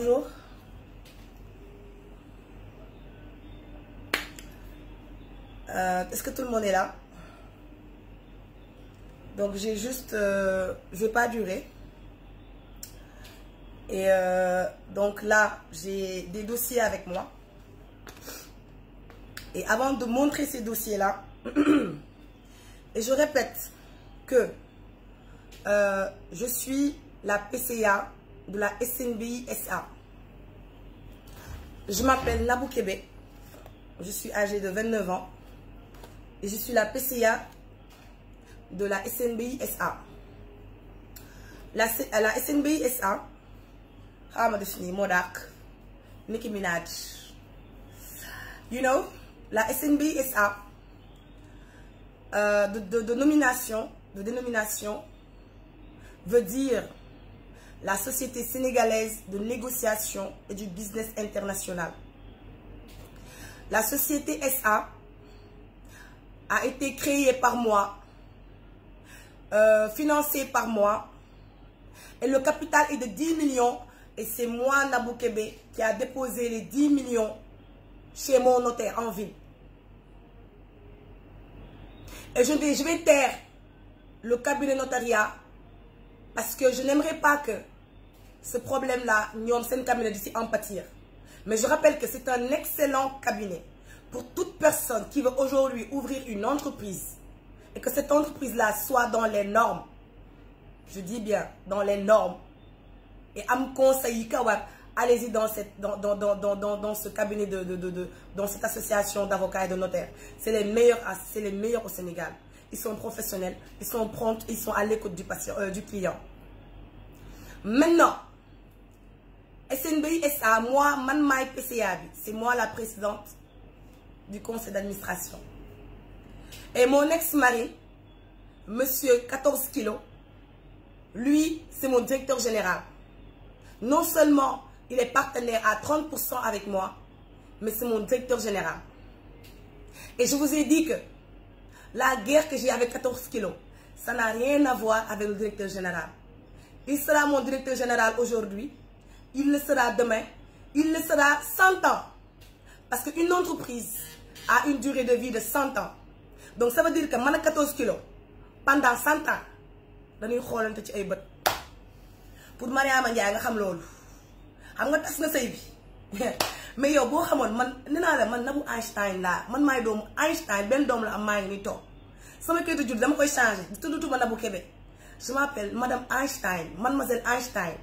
bonjour. Euh, Est-ce que tout le monde est là Donc j'ai juste... Euh, je ne vais pas durer. Et euh, donc là, j'ai des dossiers avec moi. Et avant de montrer ces dossiers-là, et je répète que euh, je suis la PCA de la SNBI SA. Je m'appelle Nabou Québec. Je suis âgée de 29 ans et je suis la PCA de la SNBI SA. La, la SNBI SA, xaaral ma def nii moo dàq Nicki Minaj you know la SNBI SA euh, de de de nomination de dénomination veut dire. la Société sénégalaise de négociation et du business international. La société SA a été créée par moi, euh, financée par moi, et le capital est de 10 millions, et c'est moi, Nabou Kébé, qui a déposé les millions chez mon notaire en ville. Et je vais, taire le cabinet notariat parce que je n'aimerais pas ce problème-là ñoom seen cabinet di en empathir mais je rappelle que c'est un excellent cabinet pour toute personne qui veut aujourd'hui ouvrir une entreprise et que cette entreprise-là soit dans les normes je dis bien dans les normes et am conseil yi ka war allez-y dans cette dans dans dans dans dans ce cabinet de de de de dans cette association d'avocats et de notaires c'est les meilleurs au Sénégal ils sont professionnels ils sont à l'écoute du euh, client maintenant SNBI SA moi man maay PCA bi c'est moi la présidente du conseil d'administration et mon ex-mari monsieur 14 kilos lui c'est mon directeur général non seulement il est partenaire à 30% avec moi mais c'est mon directeur général et je vous ai dit que la guerre que j'ai avec 14 kilos ça n'a rien à voir avec le directeur général il sera mon directeur général aujourd'hui il le sera demain, il le sera 100 ans. Parce qu'une entreprise a une durée de vie de 100 ans. Donc ça veut dire que man ak 14 kilo pendant 100 ans dañuy xoolante ci ay bët pour Mariama Ndiaye nga xam loolu xam nga tas nga sëy bi mais yow boo xamoon man nee naa la man na mu Einstein laa man maay doomu Einstein benn doom la am maa ngi nii toog sama kayitu jur dama koy changé tuddutuma Nabou Kébé je m'appelle madame Einstein mademoiselle Einstein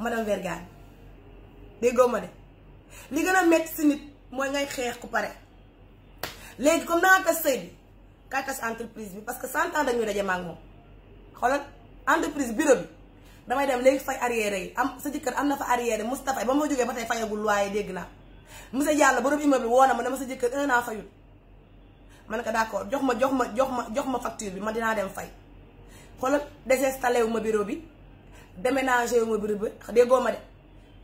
madame Vergane déggoo ma de li gën a métti si nit mooy ngay xeex ku pare léegi comme da nga sëy bi kaay tas entreprise bi parce que cent ans dañuy daje maag moom xoolal entreprise bureau bi damay dem léegi fay arrière yi am sa jëkkër am na fa arrière Moustapha ba ma jógee ba tey fayagul waaye dégg naa monsieur Diallo borom immeuble woo na ma dama sa jëkkër un an fayul man ko d'accord jox ma jox ma jox ma jox ma facture bi ma dinaa dem fay xoolal désinstallé wu ma bureau bi déménagé wu ma bureau bi déggoo ma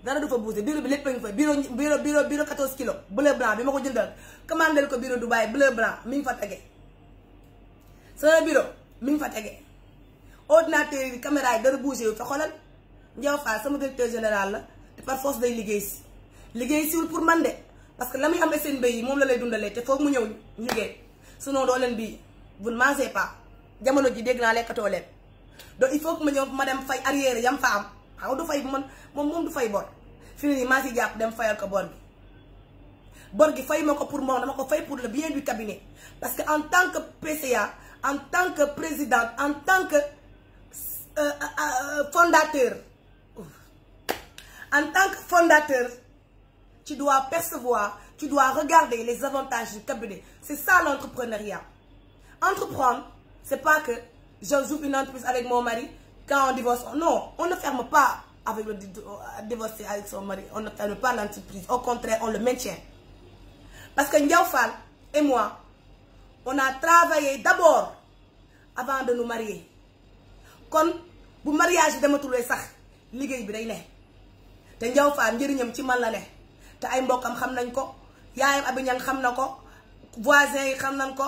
dara du fa bougé bureau bi lépp a ngi fa bureau bureau bureau bureau 14 kilos bleu blanc bi ma ko jëndal commandel ko bureau Dubaï bleu blanc mi ngi fa tege sama bureau mi ngi fa tege ordinateur yi caméra yi dara bougé wu fa xoolal Ndiaw Fall sama directeur général la te par force day liggéey si liggéey siwul pour man de parce que la muy am seen mbéy yi moom la lay dundalee te foog mu ñëw ñu ngeen sinon doo leen bii vous ne mangez pas jamono ji dégg naa lekkatoo leen donc il faut que ma ñëw ma dem fay arrière yam fa am. xam du fay man moom moom du fay bor fi mu ne nii jàpp dem fayal ko bor bi bor gi fay ma ko pour moom dama ko fay pour le bien du cabinet parce que en tant que PCA en tant que président en tant que euh, euh, euh, fondateur en tant que fondateur ci dois percevoir tu dois regarder les avantages du cabinet c'est ça l'entrepreneuriat entreprendre c'est pas que j'ouvre une entreprise avec mon dans un divorce. Non, on ne ferme pas avec le euh, divorcé avec son Parce que Ndiaoufal et moi, on a travaillé d'abord avant de nous marier. kon bu mariage bi dematulee sax liggéey bi day ne te Ndiaw Fall njëriñam ci man la ne te ay mbokkam xam nañ ko yaayam abiñan xam na ko voisin yi xam nañ ko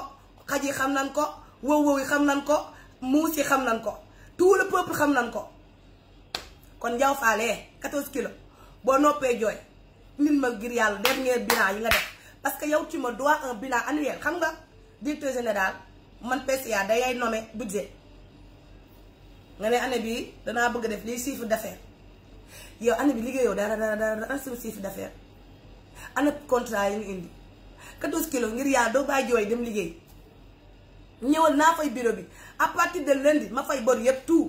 xaj yi xam nañ ko wow wow yi xam nañ ko muus yi xam nañ ko tout le peuple xam nan ko kon Diaw Fale 14 kilos boo noppee jooy nit ma ngir yàlla dernier bilan yi nga def parce que yow tu me dois un bilan annuel xam nga directeur général man PCA dayay nommé budget nga ne année bi danaa bëgg def lii chiffre d'affaires yow année bi liggéeyoo dara dara dara an sama chiffre d'affaires année contrat yi nga indi 14 kilos ngir yàlla doo bàyyi jooy dem liggéey ñëwal naa fay bureau bi à partir de lundi ma fay bor yëpp tout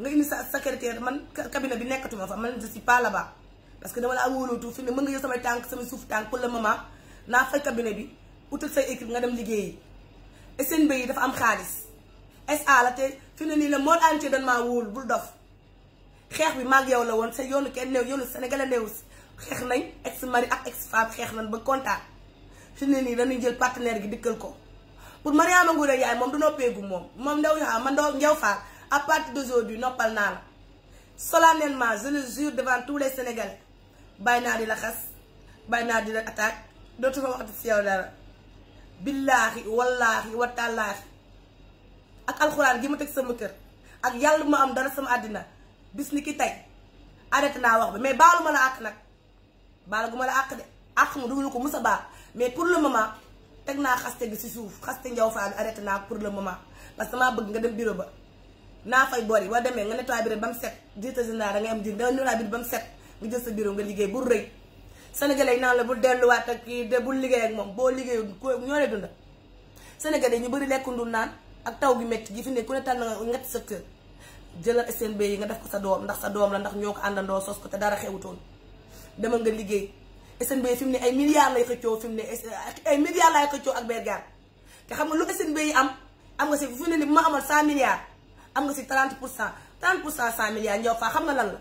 nga indi sa secrétaire man cabinet bi nekkatuma fa man je si pas là-bas parce que dama la wóolootu fi ne mën nga jël samay tànk samay suuf tànk pour le moment naa fay cabinet bi utal say équipe nga dem liggéeyi SNB yi dafa am xaalis SA la te fi ne nii la monde entier dañ maa wóolu bul dof xeex bi maag yow la woon sa yoonu kenn néew yoonu sénégalais néew xeex nañ ex mari ak ex femme xeex na ba kontaan fi ne nii dañuy jël partenaire gi dikkal ko pour Mariama Ngoné Ndiaye moom du noppeegu moom moom ndaw ñaa man ndaw njaw faal à partir d'aujourd'hui noppal naa la solennellement je le jure devant tous les sénégalais bàyyi naa di la xas bàyyi naa di la attaque dootuma waxati si yow dara billaahi wallaahi wataalaahi ak alxuraan gi ma teg sama kër ak yàlla bu ma am dara sama àddina bis ni ki tey arrêté naa wax bi mais baalu ma la àq nag baalu gu ma la àq de àq mu duwul ko musa baax mais pour le moment teg naa xaste bi si suuf xaste njaw faa bi arrêté naa pour le moment parce que maa bëgg nga dem bureau ba naa fay bor yi boo demee nga nettoyé bureau ba mu set directeur am di da nettoyé nga jël sa biro nga liggéey bu rëy sénégalais yi naan la bul delluwaat ak kii de bul liggéey ak moom boo liggéeyul ko ñoo ne dunda sénégalais yi ñu bëri lekkundul naan ak taw gi métti gi fi ne ku ne tànn nga ñetti sa kër jëlal SNB yi nga def ko sa doom ndax sa doom la ndax ñoo ko àndandoo sos ko te dara xewutoon demal nga liggéey SNB fi mu ne ay milliards lay xëccoo fi mu ne ay milliards lay xëccoo ak Bergane te xam nga lu SNB yi am am nga si fi mu ne nii bu ma amoon 100 milliards am nga si 30 pour cent 30 pour cent 100 milliards ñëw faa xam nga lan la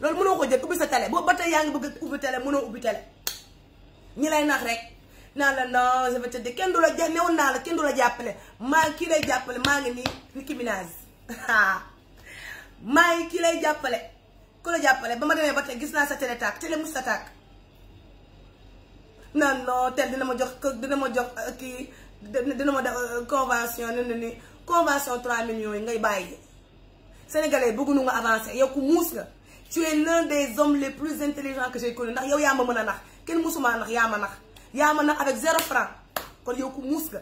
loolu mënoo ko jël ubbi sa télé boobu ba tey yaa ngi bëgg ubbi télé mënoo ubbi télé ñi lay nax rek naa la non je vais te kenn du la ja newoon naa la kenn du la jàppale maa kii lay jàppale maa ngi nii Nicki Minaj maa ngi kii lay jàppale ku la jàppale ba ma demee ba tey gis naa sa télé tàkk télé sa tàkk naan non tel dina ma jox kër dina ma jox euh, kii dina ma def euh, convention ne ni convention 3 millions yi ngay bàyyi sénégalais bëgguñu nga avancer yow ku muus nga tu es l'un des hommes les plus intelligents que j'ai connu ndax yow yaa ma mën a nax kenn musumaa nax yaa ma nax yaa ma nax avec zéro franc kon yow ku muus nga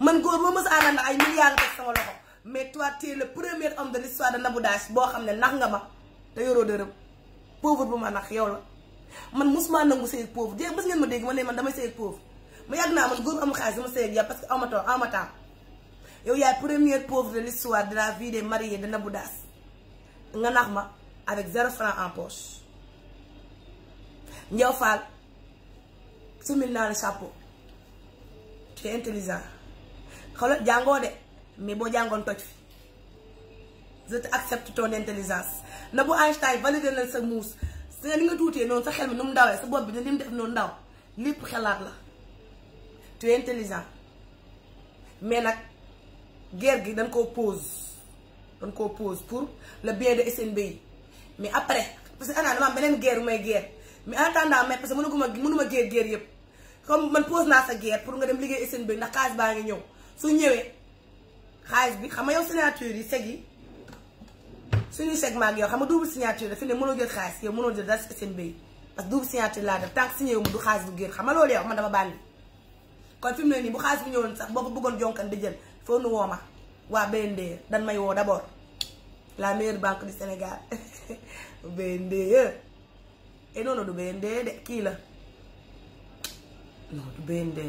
man góor boo mës a àndal ay milliards teg sama loxo mais toi tu es le premier homme de l'histoire de Nabou Dash boo xam ne nax nga ma te yoroo dërëm pauvre ma yow la man musuma nangu sëy ak pauvre dégg mës ngeen ma dégg ma ne man damay sëy pauvre ma yàgg naa man góor amul xaalis dama sëy ak yow parce que aw ma temps aw ma temps yow yaay première pauvre de l'histoire de la vie marie mariés de Nabou Daas nga nax ma avec zéro franc en poche Ndiaw Fall sumil naa la chapeau tu es intelligent jàngoo de mais boo jàngoon toj fi je te accepte ton intelligence Nabou Einstein validé na sa muus sa ni nga tuutee noonu sa xel mi nu mu ndawee sa bopp bi ne ni mu def noonu ndaw lépp xelaat la tu es intelligent mais nag guerre gi dañ koo pause dañ koo pause pour le bien de SNB yi mais après parce que ana dama am beneen guerre bu may guerre mais en attendant mais parce que mënuguma ma guerre guerre yëpp comme man pose naa sa guerre pour nga dem liggéey SNB ndax xaalis baa ngi ñëw su ñëwee xaalis bi xam nga yow signature yi seg yi suñuy segment ak yow xam nga double signature dafa ne mënoo jël xaalis yow mënoo jël dara si seen bay parce que double signature laa def tant que signé mu du xaalis bu génn xam nga loolu yow man dama bànni kon fi mu ne nii bu xaalis bi ñëwoon sax boo ko bëggoon jonkan di jël foo nu woo ma waa BNDE dan may woo d'abord la meilleure banque du Sénégal BNDE et eh noonu du BNDE de kii la non du BNDE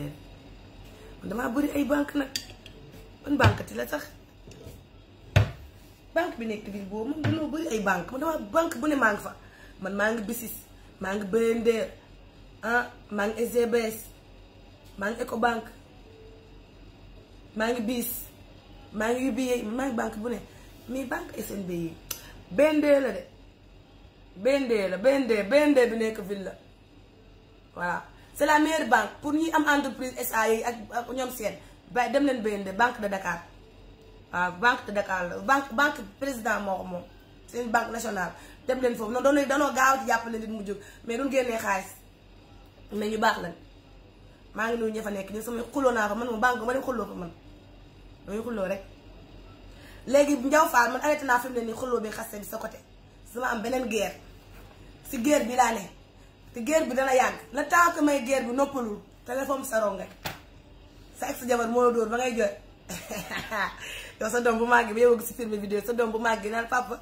man damaa bëri ay banque nag ban banque ti la sax banque bi nekk ville boobu moom dañoo bëri ay banque man dama banque bu ne maa ngi fa man maa ngi BICIS maa ngi BNDER ah maa ngi SGBS maa ngi Ecobank maa ngi BIS maa ngi UBA maa ngi banque bu ne mais banque SNB yi BNDER la de BNDER la BNDER BNDER bi nekk ville la voilà c'est la meilleure banque pour ñi am entreprise SA yi ak ñoom seen ba dem leen BNDER banque de Dakar waaw ah, banque de Dakar la banque banque président moo ko moom seen banque nationale dem leen foofu noonu doon danoo gaaw ci jàppale nit mu jóg mais duñ génnee xaalis ne ñu baax lan maa ngi nuyu ñu fa nekk ñu samay xuloo naa fa man mu banque ma dem xuloo fa man damay xuloo rek léegi Ndiaw Fall man arrêté naa fi mu ne nii xuloo bi xaste bi sa côté sama am beneen guerre si geer bi laa ne te guerre bi dana yàgg le temps que may guerre bi noppalul téléphone sa rongañ sa ex jabar moo la dóor yow sa doom bu màggee ba yow a gis filmé vidéo sa doom bu màggee naan papa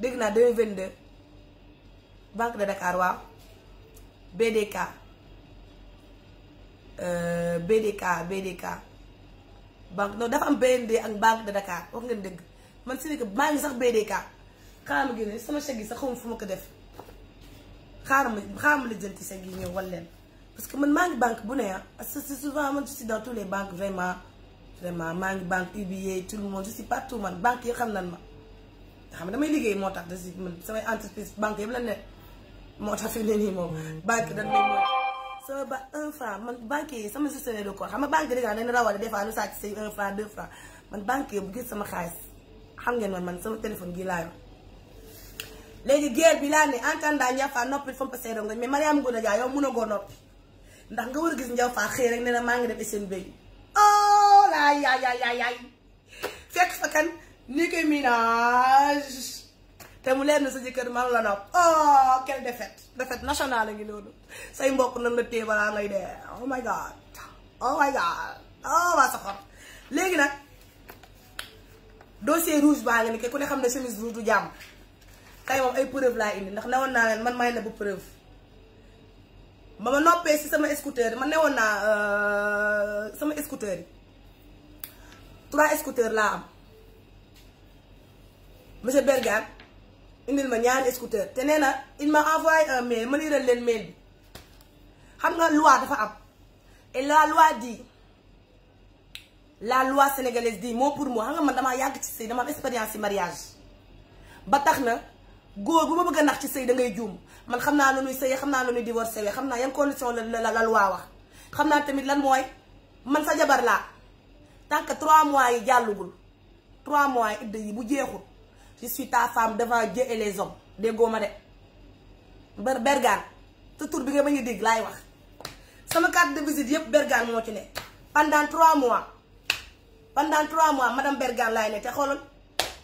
dégg naa 2022 banque de Dakar waaw BDK d BDK euh, banque non dafa am BND ak banque de Dakar wax ngeen dëgg man si nekk maa ngi sax d BDK xaaral ma génne sama chèque yi sax xawma fu ma ko def xaaral ma xaaral ma lijjanti chèque yi ñëw wal leen parce que man maa ngi banque bu ne ah parce que souvent man je suis dans tous les banques vraiment. vraiment maa ngi banque UBA tout le monde je partout man banque yi xam nan ma nga xam ne damay liggéey moo tax de si man samay entreprise banque yëpp la ne moo tax fi ne nii moom banque dañ may moo sama ba un franc man banque yi sama gestionnaire de compte xam nga banque dèjà dañ rawale des fois nu sàcc say un franc man banque yi bu sama xaalis xam ngeen man man sama téléphone gii laa yor léegi guerre bi laa ne entendant Ndiaye Fall noppi fomp say rongoñ mais Mariam Ngounda Dia yow mun a goo noppi ndax nga war a gis Ndiaye Fall xëy rek ne na maa ngi def SNB ay ay ay ay fekk fa kan Nicki Minaj te mu leer na sa jëkkër man la nopp oh quelle défaite défaite nationale a ngi noonu say mbokk na la téye balaa ngay dee oh my god oh my god oh waa soxor léegi nag dossier rouge baa ngi ni ku ne xam ne chemise rouge du jàmm tey moom ay preuve laa indi ndax newoon naa man may na bu preuve ba ma noppee si sama scooter ma woon naa euh, sama scooter yi trois scooters laa am monsieur Bergane indil ma ñaari scooters te nee na il m'a envoyé un mail ma leen mail bi xam nga loi dafa am et la loi dit la loi sénégalaise dit mot pour mot xam man damaa yàgg ci sëy dama am expérience ci mariage ba tax na góor bu ma bëgg a nax ci sëy dangay ngay juum man xam naa lu nuy sëyee xam naa lu nuy divorcé wee xam naa yan condition la la la loi wax xam naa tamit lan mooy man sa jabar laa tant que trois mois yi jàllugul trois mois yi idda yi bu jeexul je suis ta femme devant Dieu et les déggoo ma de ber bergaan te tur bi nga bañ a dégg laay wax sama carte de visite yëpp bergaan moo ci ne pendant trois mois pendant trois mois madame bergaan laay ne te xoolal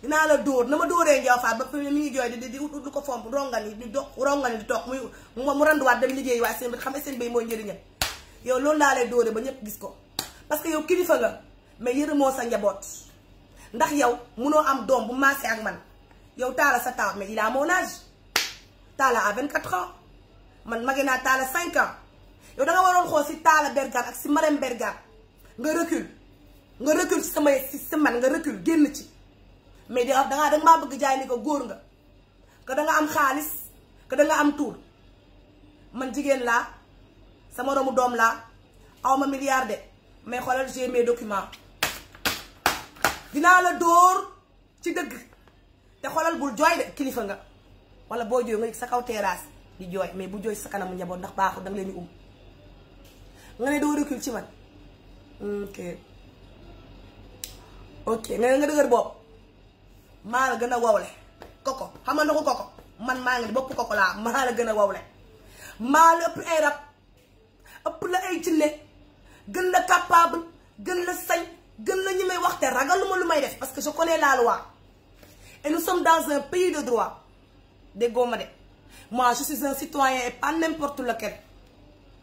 dinaa la dóor na ma dóoree njaw faat ba fi mi ngi jooy di di ut lu ko fomp rongan yi di dox rongan yi di toog muy mu randuwaat dem liggéey waaye seen bi xam seen bay mooy njëriñam yow loolu laa lay ba ñëpp gis ko parce que yow kilifa nga mais moo sa njaboot ndax yow munoo am doom bu maase ak man yow taala sa taal mais il a mon âge taala à 24 ans man mage naa taala 5 ans yow da nga waroon xool si taala bergaan ak si marem bergaan nga recul nga recul si sama si si man nga recul génn ci mais da dangaa da maa bëgg jaay ni ko góor nga que da am xaalis que da am tuur man jigéen laa sama moromu doom laa awma milliard de mais xoolal j'ai mes dinaa la dóor ci dëgg te xoolal bul jooy de kilifa nga wala boo jooy nga yëg sa kaw terrasse di jooy mais bu jooy sa kanam njaboot ndax baaxul danga leen di um. nga ne doo recul ci man ok ok nga ne nga dëgër bopp maa la gën a wowle koko xam nga ko koko maa ngi ne bopp koko laa maa la gën a wowle maa la ëpp ay ëpp la ay gën la capable gën la sañ gën la ñu may wax te ma lu may def parce que je connais la loi et nous dans un pays de droit déggoo ma de moi je suis un citoyen et pas n'importe lequel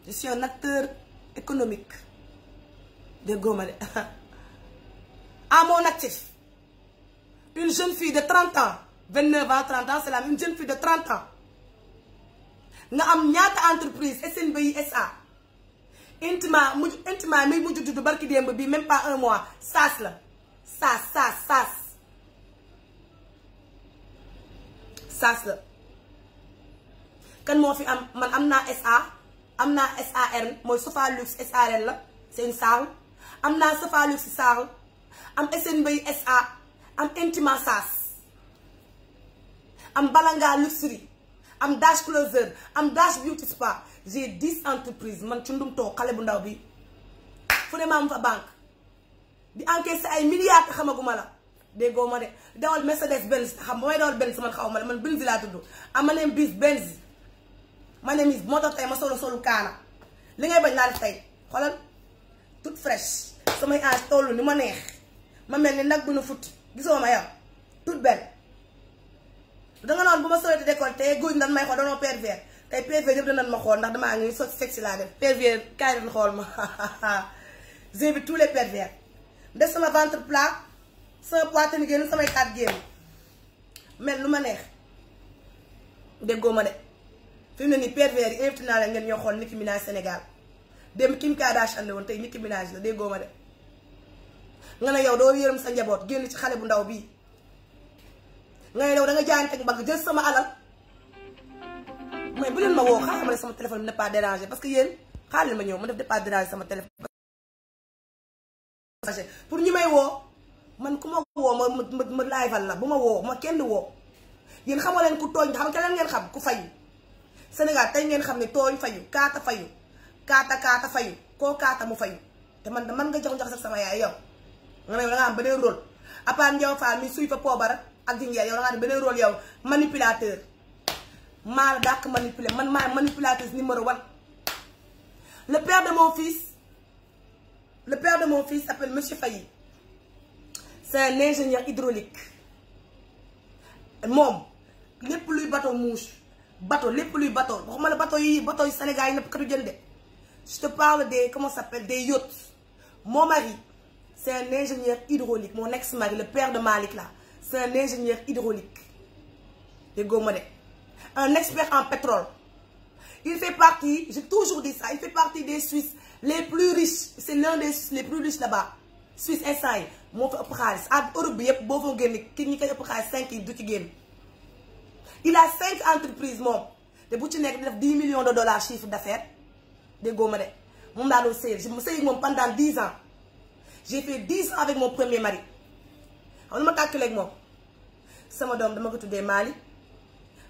je suis un acteur économique déggoo ma de à mon actif une jeune fille de 30 ans 29 ans 30 ans c'est la même une jeune fille de 30 ans nga am ñaata entreprise SNBI SA intima mujj mi mujj juddu barki démb bi même pas un mois saas la saas saas saas saas la kan moo fi am man am naa SA am naa SAR mooy Sofa Luxe SARL la seen saaxu am naa Sofa Luxe saaxu am SN Mbay SA am intima saas am Balanga Luxury am Dash Closer am Dash Beauty Spa j'ai dix entreprises man ci ndum too xale bu ndaw bi fu ne maam fa banque di encaissé ay milliards xamaguma la déggoo ma de dawal Mercedes Benz xam ba may dawal Benz man xaw ma la man Benz laa tudd am ah, ma ne bis Benz moo tax tey ma solo solu kaana li ngay bañ laa def tey xoolal toute fraîche ni ma neex ma mel ni nag bu nu futti gisoo ma yow toute belle danga noonu bu ma solee te décolleté góor ñi dañ may xool danoo pervers tey PV yëpp danañ ma xool ndax damaa ngi so sexy laa def PV kaay leen xool ma j'invite tous les pervers def sama ventre plat sama poitrine génn samay kaat génn mel lu ma neex déggoo ma de fi mu ne nii pervers yi invité naa la ngeen ñoo xool Nicki Minaj Sénégal dem Kim Kardashian la woon tey Nicki Minaj la déggoo ma de nga ne yow doo yërëm sa njaboot génn ci xale bu ndaw bii nga ne yow da nga jaayante ak mbagg jël sama alal. mais bu leen ma woo xaaral ma ne sama téléphone bi ne pas déranger parce que yéen xaaral ma ñëw ma def de pas sama téléphone. pour ñu may woo man ku ma woo ma ma ma la bu ma woo ma kenn woo yéen xamoo leen ku tooñ xam nga leen ngeen xam ku fay Sénégal tey ngeen xam ne tooñ fayu kaata fayu kaata kaata fayu koo kaata mu fayu te man man nga jox jox sama yaay yow nga ne yow da ngaa am beneen rôle à part Ndiaye Fall mi suy fa poobara ak Jinjeer yow da ngaa am beneen rôle yow manipulateur. maa dàq manipuler man maay manipulatrice numéro one le père de mon fils le père de mon fils s'appelle monsieur Faye c'est un ingénieur hydraulique moom lépp luy bateau mouche bateau lépp luy bateau waxuma la bateau yi bateau yi Sénégal yi nappkatu jën de je te parle des comment ça s'appelle des yachts mon mari c'est un ingénieur hydraulique mon ex-mari le père de Malick là c'est un ingénieur hydraulique déggoo ma de un expert en pétrole il fait partie j'ai toujours dit ça il fait partie des Suisses les plus riches c'est l'un des Suisses les plus riches là-bas Suisse instant yi moo fa ëpp xaalis ak Europe bi yëpp boo fa génne ki ñi koy ëpp xaalis cinq yi du ci génn il a cinq entreprises moom te bu ci nekk di def dix millions de dollars chiffre d'affaires déggoo ma de moom laa doon sëy ma sëy moom pendant dix ans j'ai fait dix ans avec mon premier mari xam na ma tàkkaleeg moom sama doom dama ko tuddee Mali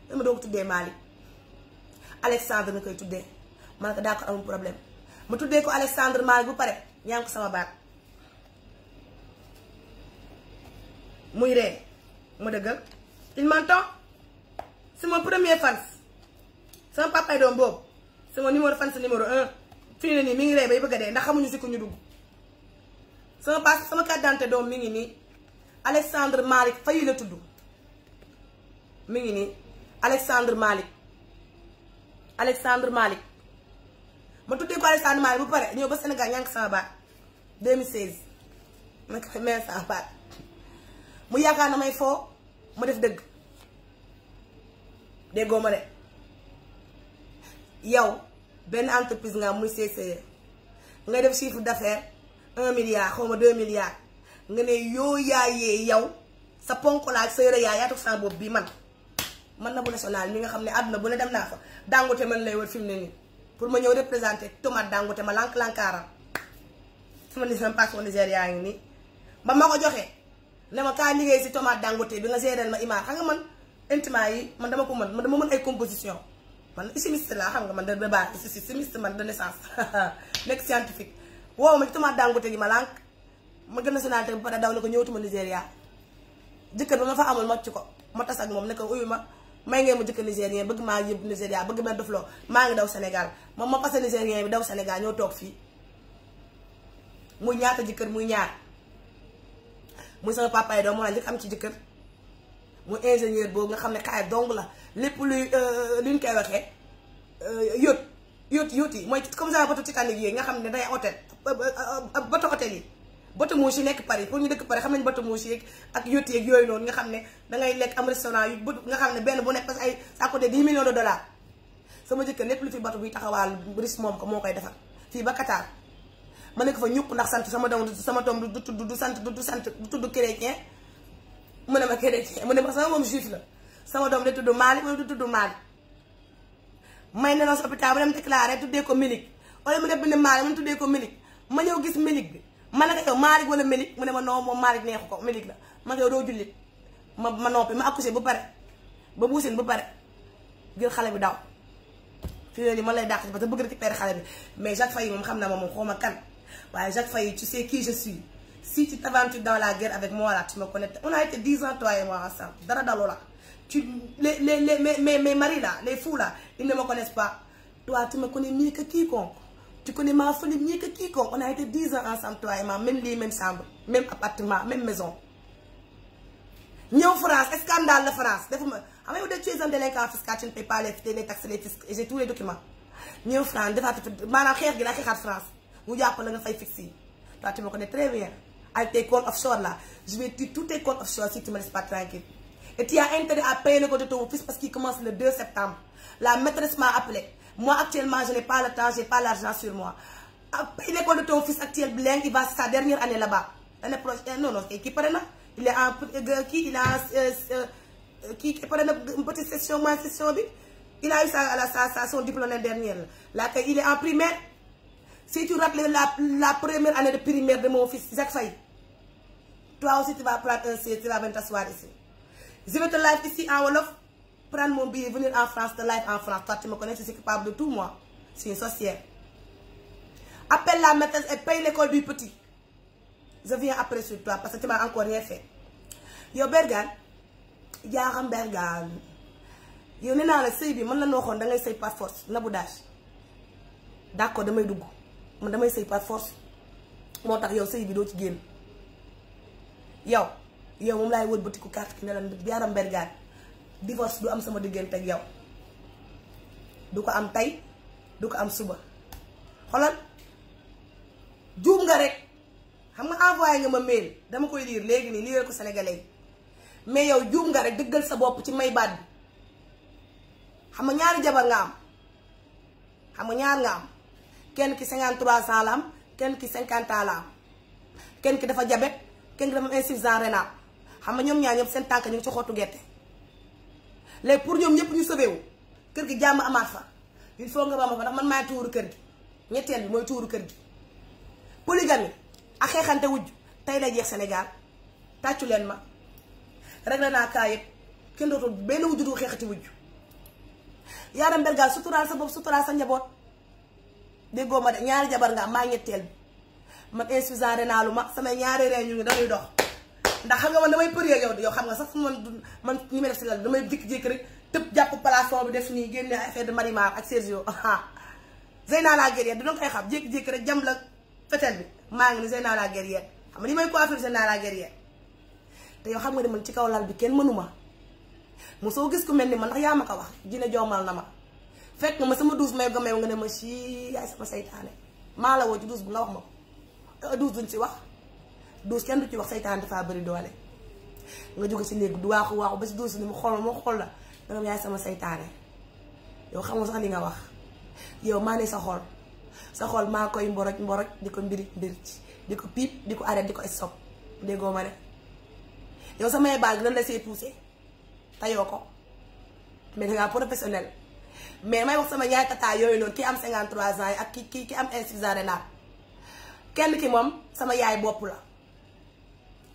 dama doo ko tuddee Malick Alexandre nga koy tuddee man ko daa ko amul problème ma tuddee ko Alexandre Malick bu pare ñaan ko sama baat muy ree ma dëggal il m'entend c'est mon premier fans sama papaay doom boobu c'est mon numéro fans numéro fii ne nii mi ngi ree bay bëgg a dee ndax xamuñu si ku ñu dugg sama pass sama carte doom mi ngi nii Alexandre Malick Faye la tudd mi ngi nii Alexandre Malick Alexandre Malick ma tuddee ko Alexandre Malick bu pare ñëw ba Sénégal ñàkk sama baat 2016 ma ko mel sama baat mu yaakaar na may foo ma def dëgg déggoo ma de yow benn entreprise nga muy CCE ngay def chiffre d'affaires un milliard xaw ma deux milliards nga ne yoo yaayee yow sa ponk la ak sa yore yaay yaa toog sama bopp bii man. man na bu national mi nga xam ne àdduna bu ne dem naa fa Dangote man lay war fi mu ne nii pour ma ñëw représenté tomate Dangote ma lank lankaara sama ni sama passeport Nigéria nii ba ma ko joxee ne ma kaa liggéey si tomate Dangote bi nga géréel ma image xam nga man intimat yi man dama ko mën man dama mën ay composition man chimiste laa xam nga man da baax si chimiste man de naissance nekk scientifique wow ma ci tomate Dangote gi ma lank ma gën nationalité ba pare daw ne ko ñëwatuma Nigéria jëkkër ba ma fa amul ma ko ma tas moom ne ko ma may ngeen ma jëkk nigérien bëgg maa yëb nigéria bëgg ma dofloo maa ngi daw sénégal moom ma passé nigérien bi daw sénégal ñoo toog fii muy ñaata jëkkër muy ñaar muy sama papa yi doom moo njëkk am ci jëkkër mu ingénieur boobu nga xam ne kaay dong la lépp luy euh, lu ñu koy waxee yóot yóot yóot yi mooy comme ça bato Titanic yi nga xam ne day hôtel bato hôtel yi bateau mouche yi nekk Paris pour ñu dëkk Paris xam nañ bateau mouche yeeg ak yacht nga xam ne dangay lekk am restaurant yu bët nga xam ne benn bu nekk parce que ay ça coûte 10 millions de dollars sama jëkkër lépp lu fi bateau buy taxawaal risque moom ko moo koy defar fii ba Qatar ma nekk fa ñukk ndax sant sama doom sama doom du tudd du sant du sant du tudd chrétien mu ne ma chrétien mu ne ma sama moom juif la sama doom day tudd Mali wala du tudd Mali may na la hôpital ma dem déclaré tuddee ko Milik wala mu dem bind Mali ma tuddee ko Milik ma ñëw gis Milik bi man nag yow Malick wala Mélik mu ne ma non moom Malick neexu ko Mélik la man yow doo jullit ma ma noppi ma accouché ba pare ba buusin ba pare jël xale bi daw fi ne nii man lay dàq parce bëgg na mais xam na ma moom xawma kan waaye Jacques Faye tu sais qui je suis si tu t'aventures dans la guerre avec moi là tu me connais on a été dix ans toi et moi ensemble dara daloo la tu ne me connaissent pas toi Tu connais ma famille mieux que quiconque. On a été 10 ans ensemble, toi et moi, même lit, même chambre, même appartement, même maison. Nous en France, scandale de France. Avant de tuer un délinquant fiscal, tu ne payes pas les, les taxes, les tous les documents. Nous en France, de fait, je suis en France. Nous avons fait fixer. Toi, tu me connais très bien. Avec tes comptes je vais tuer tous tes comptes offshore si tu ne me laisses e tu as intérêt à payer le côté de ton fils parce qu'il commence le 2 septembre. La maîtresse m'a appelé. Moi, actuellement, je n'ai pas le temps, je n'ai pas l'argent sur moi. Ah, paye l'école de ton fils actuel, Blaine, il va sa dernière année là-bas. L'année prochaine, non, non, c'est qui parle là Il est en. Euh, qui Il a. Euh, euh, qui t une petite session, moins i il a eu sa, sa, sa, son diplôme l'année dernière. Là, il est en primaire. Si tu rappelles la, la première année de primaire de mon fils, Jacques Faye, toi aussi tu vas prendre je vais te live ici en wolof prendre mon en France te live en France toi tu me connais je suis capable de tout moi je suis une la maîtresse et pay l'école du petit je viens après sur parce que tu m'as encore rien fait yow Bergane yaa xam Bergane yow nee naa la sëy bi mën la nooxoon da ngay sëy par force Nabou Dash d'accord damay dugg man damay sëy par force moo tax yow sëy bi doo ci génn yow yow moom laay wëlbatiku carte ki ne la Yaram Mbergane divorce du am sama diggante ak yow du ko am tey du ko am suba xoolal juum nga rek xam nga envoyé nga ma mail dama koy liir léegi nii liiral ko sénégalais mais yow juum nga rek dëggal sa bopp ci may baat bi xam nga ñaari jabar nga am xam nga ñaar nga am kenn ki 53 ans la am kenn ki 50 ans la am kenn ki dafa jabet kenn ki dafa am insuffisance rénale xam nga ñoom ñaar ñëpp seen tànk ñu ngi ci xottu gerte léegi pour ñoom ñëpp ñu kër gi jàmm amaat fa il faut nga ba ma fa ndax man maay tuuru kër ñetteel bi mooy tuuru kër gi polygamie ak xeexante wujj tey la jeex Sénégal tàccu leen ma réglé naa kaa kenn benn wujj du xeexati wujj yaaram bergaal suturaal sa bopp sa njaboot déggoo ma de ñaari jabar nga am maa ñetteel bi man insuffisant rénal ma samay ñaari reen ñu ngi dañuy dox ndax xam nga man damay përie yow yow xam nga sax fu man man ñi may def si la damay jékki-jékki rek tëb jàpp plafond bi def nii génne affaire de Marimar ak Sergio ah Zeyna la guerrière dina koy xam jékki-jékki rek jam la fetel bi maa ngi ni Zeyna la guerrière xam nga ni may coiffure Zeyna la guerrière te yow xam nga ne man ci kaw lal bi kenn mënuma mu soo gis ku mel ni man ndax yaa ma ko wax dina joomal na ma fekk nga ma sama duus may gomeew nga ne ma si yaay sama saytaane maa la woo ci duus bu nga wax ma ko euh, duus duñ si wax duus kenn du ci wax saytaan dafa bëri doole nga jóge si néeg du waaxu waaxu ba si duus ni mu xool moo xool la nga yaay sama saytaane yow xamul sax li nga wax yow maa ne sa xool sa xool maa koy mboroj mboroj di ko mbiri mbiri di ko piip di ko arrêté di ko stop déggoo ma ne yow samay baal lan la see poussé tayoo ko mais dangaa professionnel mais may wax sama ñaari tata yooyu noonu ki am 53 ans yi ak ki ki am insuffisance rénale ki moom sama yaay bopp la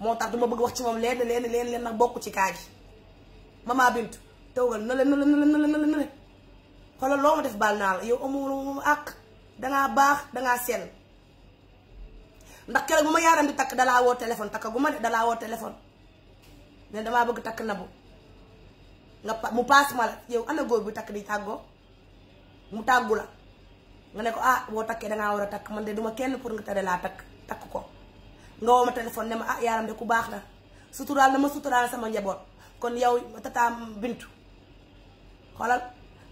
moo tax du ma bëgg wax ci moom lenn lenn lenn lenn nag bokk ci kaa gi mama Bintu tawgal na la na la na la na la xoolal loo ma def baal naa la yow amuloo ak dangaa baax dangaa sell ndax keroog bu ma yaaram di takk dalaa woo téléphone takk gu ma de dalaa woo téléphone ne damaa bëgg takk nabu nga pa mu paas ma la yow ana bi takk di tàggoo mu tàggu la nga ne ko ah boo takkee dangaa war a takk man de duma kenn pour nga tere laa takk takk ko. nga woo ma téléphone ne ma ah yaaram de ku baax la suturaal na ma suturaal sama njaboot kon yow tata bintu xoolal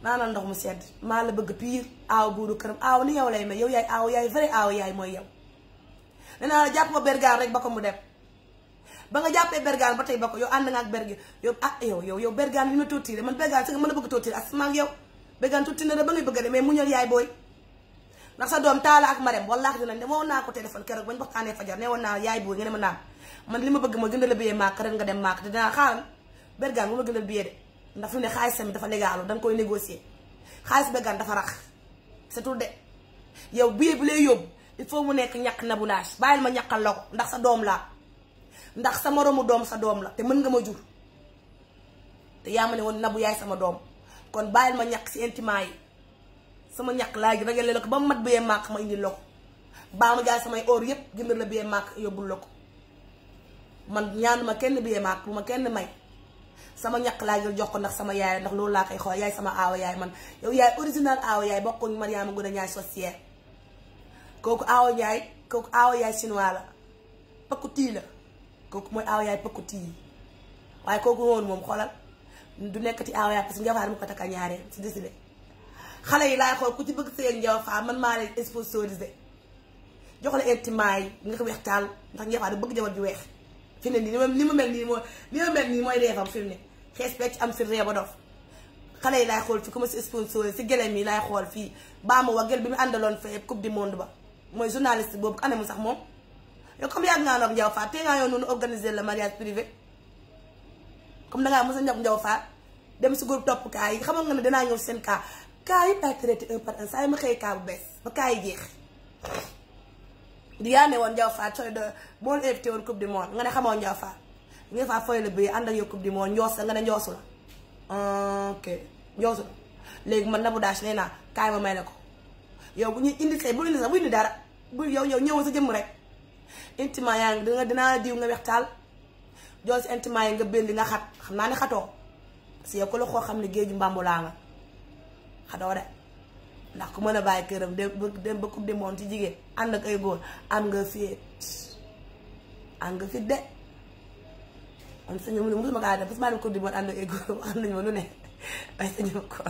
naanal ndox mu sedd maa la bëgg piir aaw buuru këram aaw ni yow lay mel yow yaay aaw yaay vrai yaay mooy yow nee naa la jàpp ma bergaan rek ba ko mu dem ba nga jàppee bergaan ba tey ba ko yow ànd nga ak berg yow ah yow yow a bëgg tóotiire ak sama ak yow bergaan tóotiire na ba a demee yaay booy ndax sa doom taala ak marem wallaahi dinañ dem woon naa ko téléphone keroog bañ waxtaanee fajar ne woon naa yaay booy nga ne ma naam man li ma bëgg mooy gëndal la billet maak ren nga dem maak te dinaa xaaral bergaan bu ma gëndal billet de ndax fi mu ne xaalis tamit dafa légalu dañ koy négocier xaalis bergaan dafa rax c'est tout de yow billet bu lay yóbbu il faut mu nekk ñàkk na bu naaj bàyyil ma ñàkkal la ko ndax sa doom laa ndax sa moromu doom sa doom la te mën nga ma jur te yaa ma ne woon nabu yaay sama doom kon bàyyil ma ñàkk si intiment yi sama ñaq laa gi ragale la ko ba mu mat biyee màq ma indi la ko baa ma jaay samay or yëpp jënd la biyee màq yóbbul la ko man ñaan ma kenn biyee màq bu ma kenn may sama ñaq laaj jël jox ko ndax sama yaay ndax loolu laa koy xool yaay sama aawa yaay man yow yaay original aawa yaay bokkuñ Mariama Ngoné Ndiaye sorcière kooku aawa yaay kooku aawa yaay chinois la pëkkutii la kooku mooy aawa yaay pëkkutii waaye kooku woon moom xoolal du nekkati aawa yaay parce que njafaar mu ko takka si disile xale yi laay xool ku ci bëgg sëyeeg Ndiaye Fall man maa leen sponsorisé jox la yi nga ko weex taal ndax Ndiaye Fall da bëgg jabar ju weex fi mu ne nii ni mu mel nii mooy ni mu mel mooy reefam fi mu ne xees becc am si ree ba dof xale yi laay xool fi commencé sponsorisé si gelem yi laay xool fii baa ma wagel bi mu àndaloon fee coupe du monde ba mooy journaliste boobu ku anamu sax moom yow comme yàgg ngaa noog Ndiaye Fall tey ngaa yoon noonu organiser le mariage privé comme dangaa mos a ñor Ndiaye Fall dem si groupe topp yi xamoon nga ne danaa ñëw seen kaa cas yëpp ay traité un par un saa yi ma xëy cas bees ba cas yi jeex di yaa ne woon Ndiaw Fall sooy de moo woon coupe du monde nga ne xamoo Ndiaw Fall nga faa fooy la bëy ànd ak yow coupe du monde njoos nga ne njoosu la ok njoosu la bu ñuy indi say bu indi dara bu yow yow ñëwal sa jëmm rek intima yaa ngi dina dinaa diw nga wextaal jool si intima yi nga belli nga xat xam naa ne xatoo parce yow ko la koo xam ne géeju mbàmbu laa nga xadoo de ndax ku mën a bàyyi këram dem ba dem ba coupe du monde ci jigéen ànd ak ay góor am nga fit am nga fit de man sañu mu ne mosuma ay góor wax nañu ma lu ne waaye sañu ma ko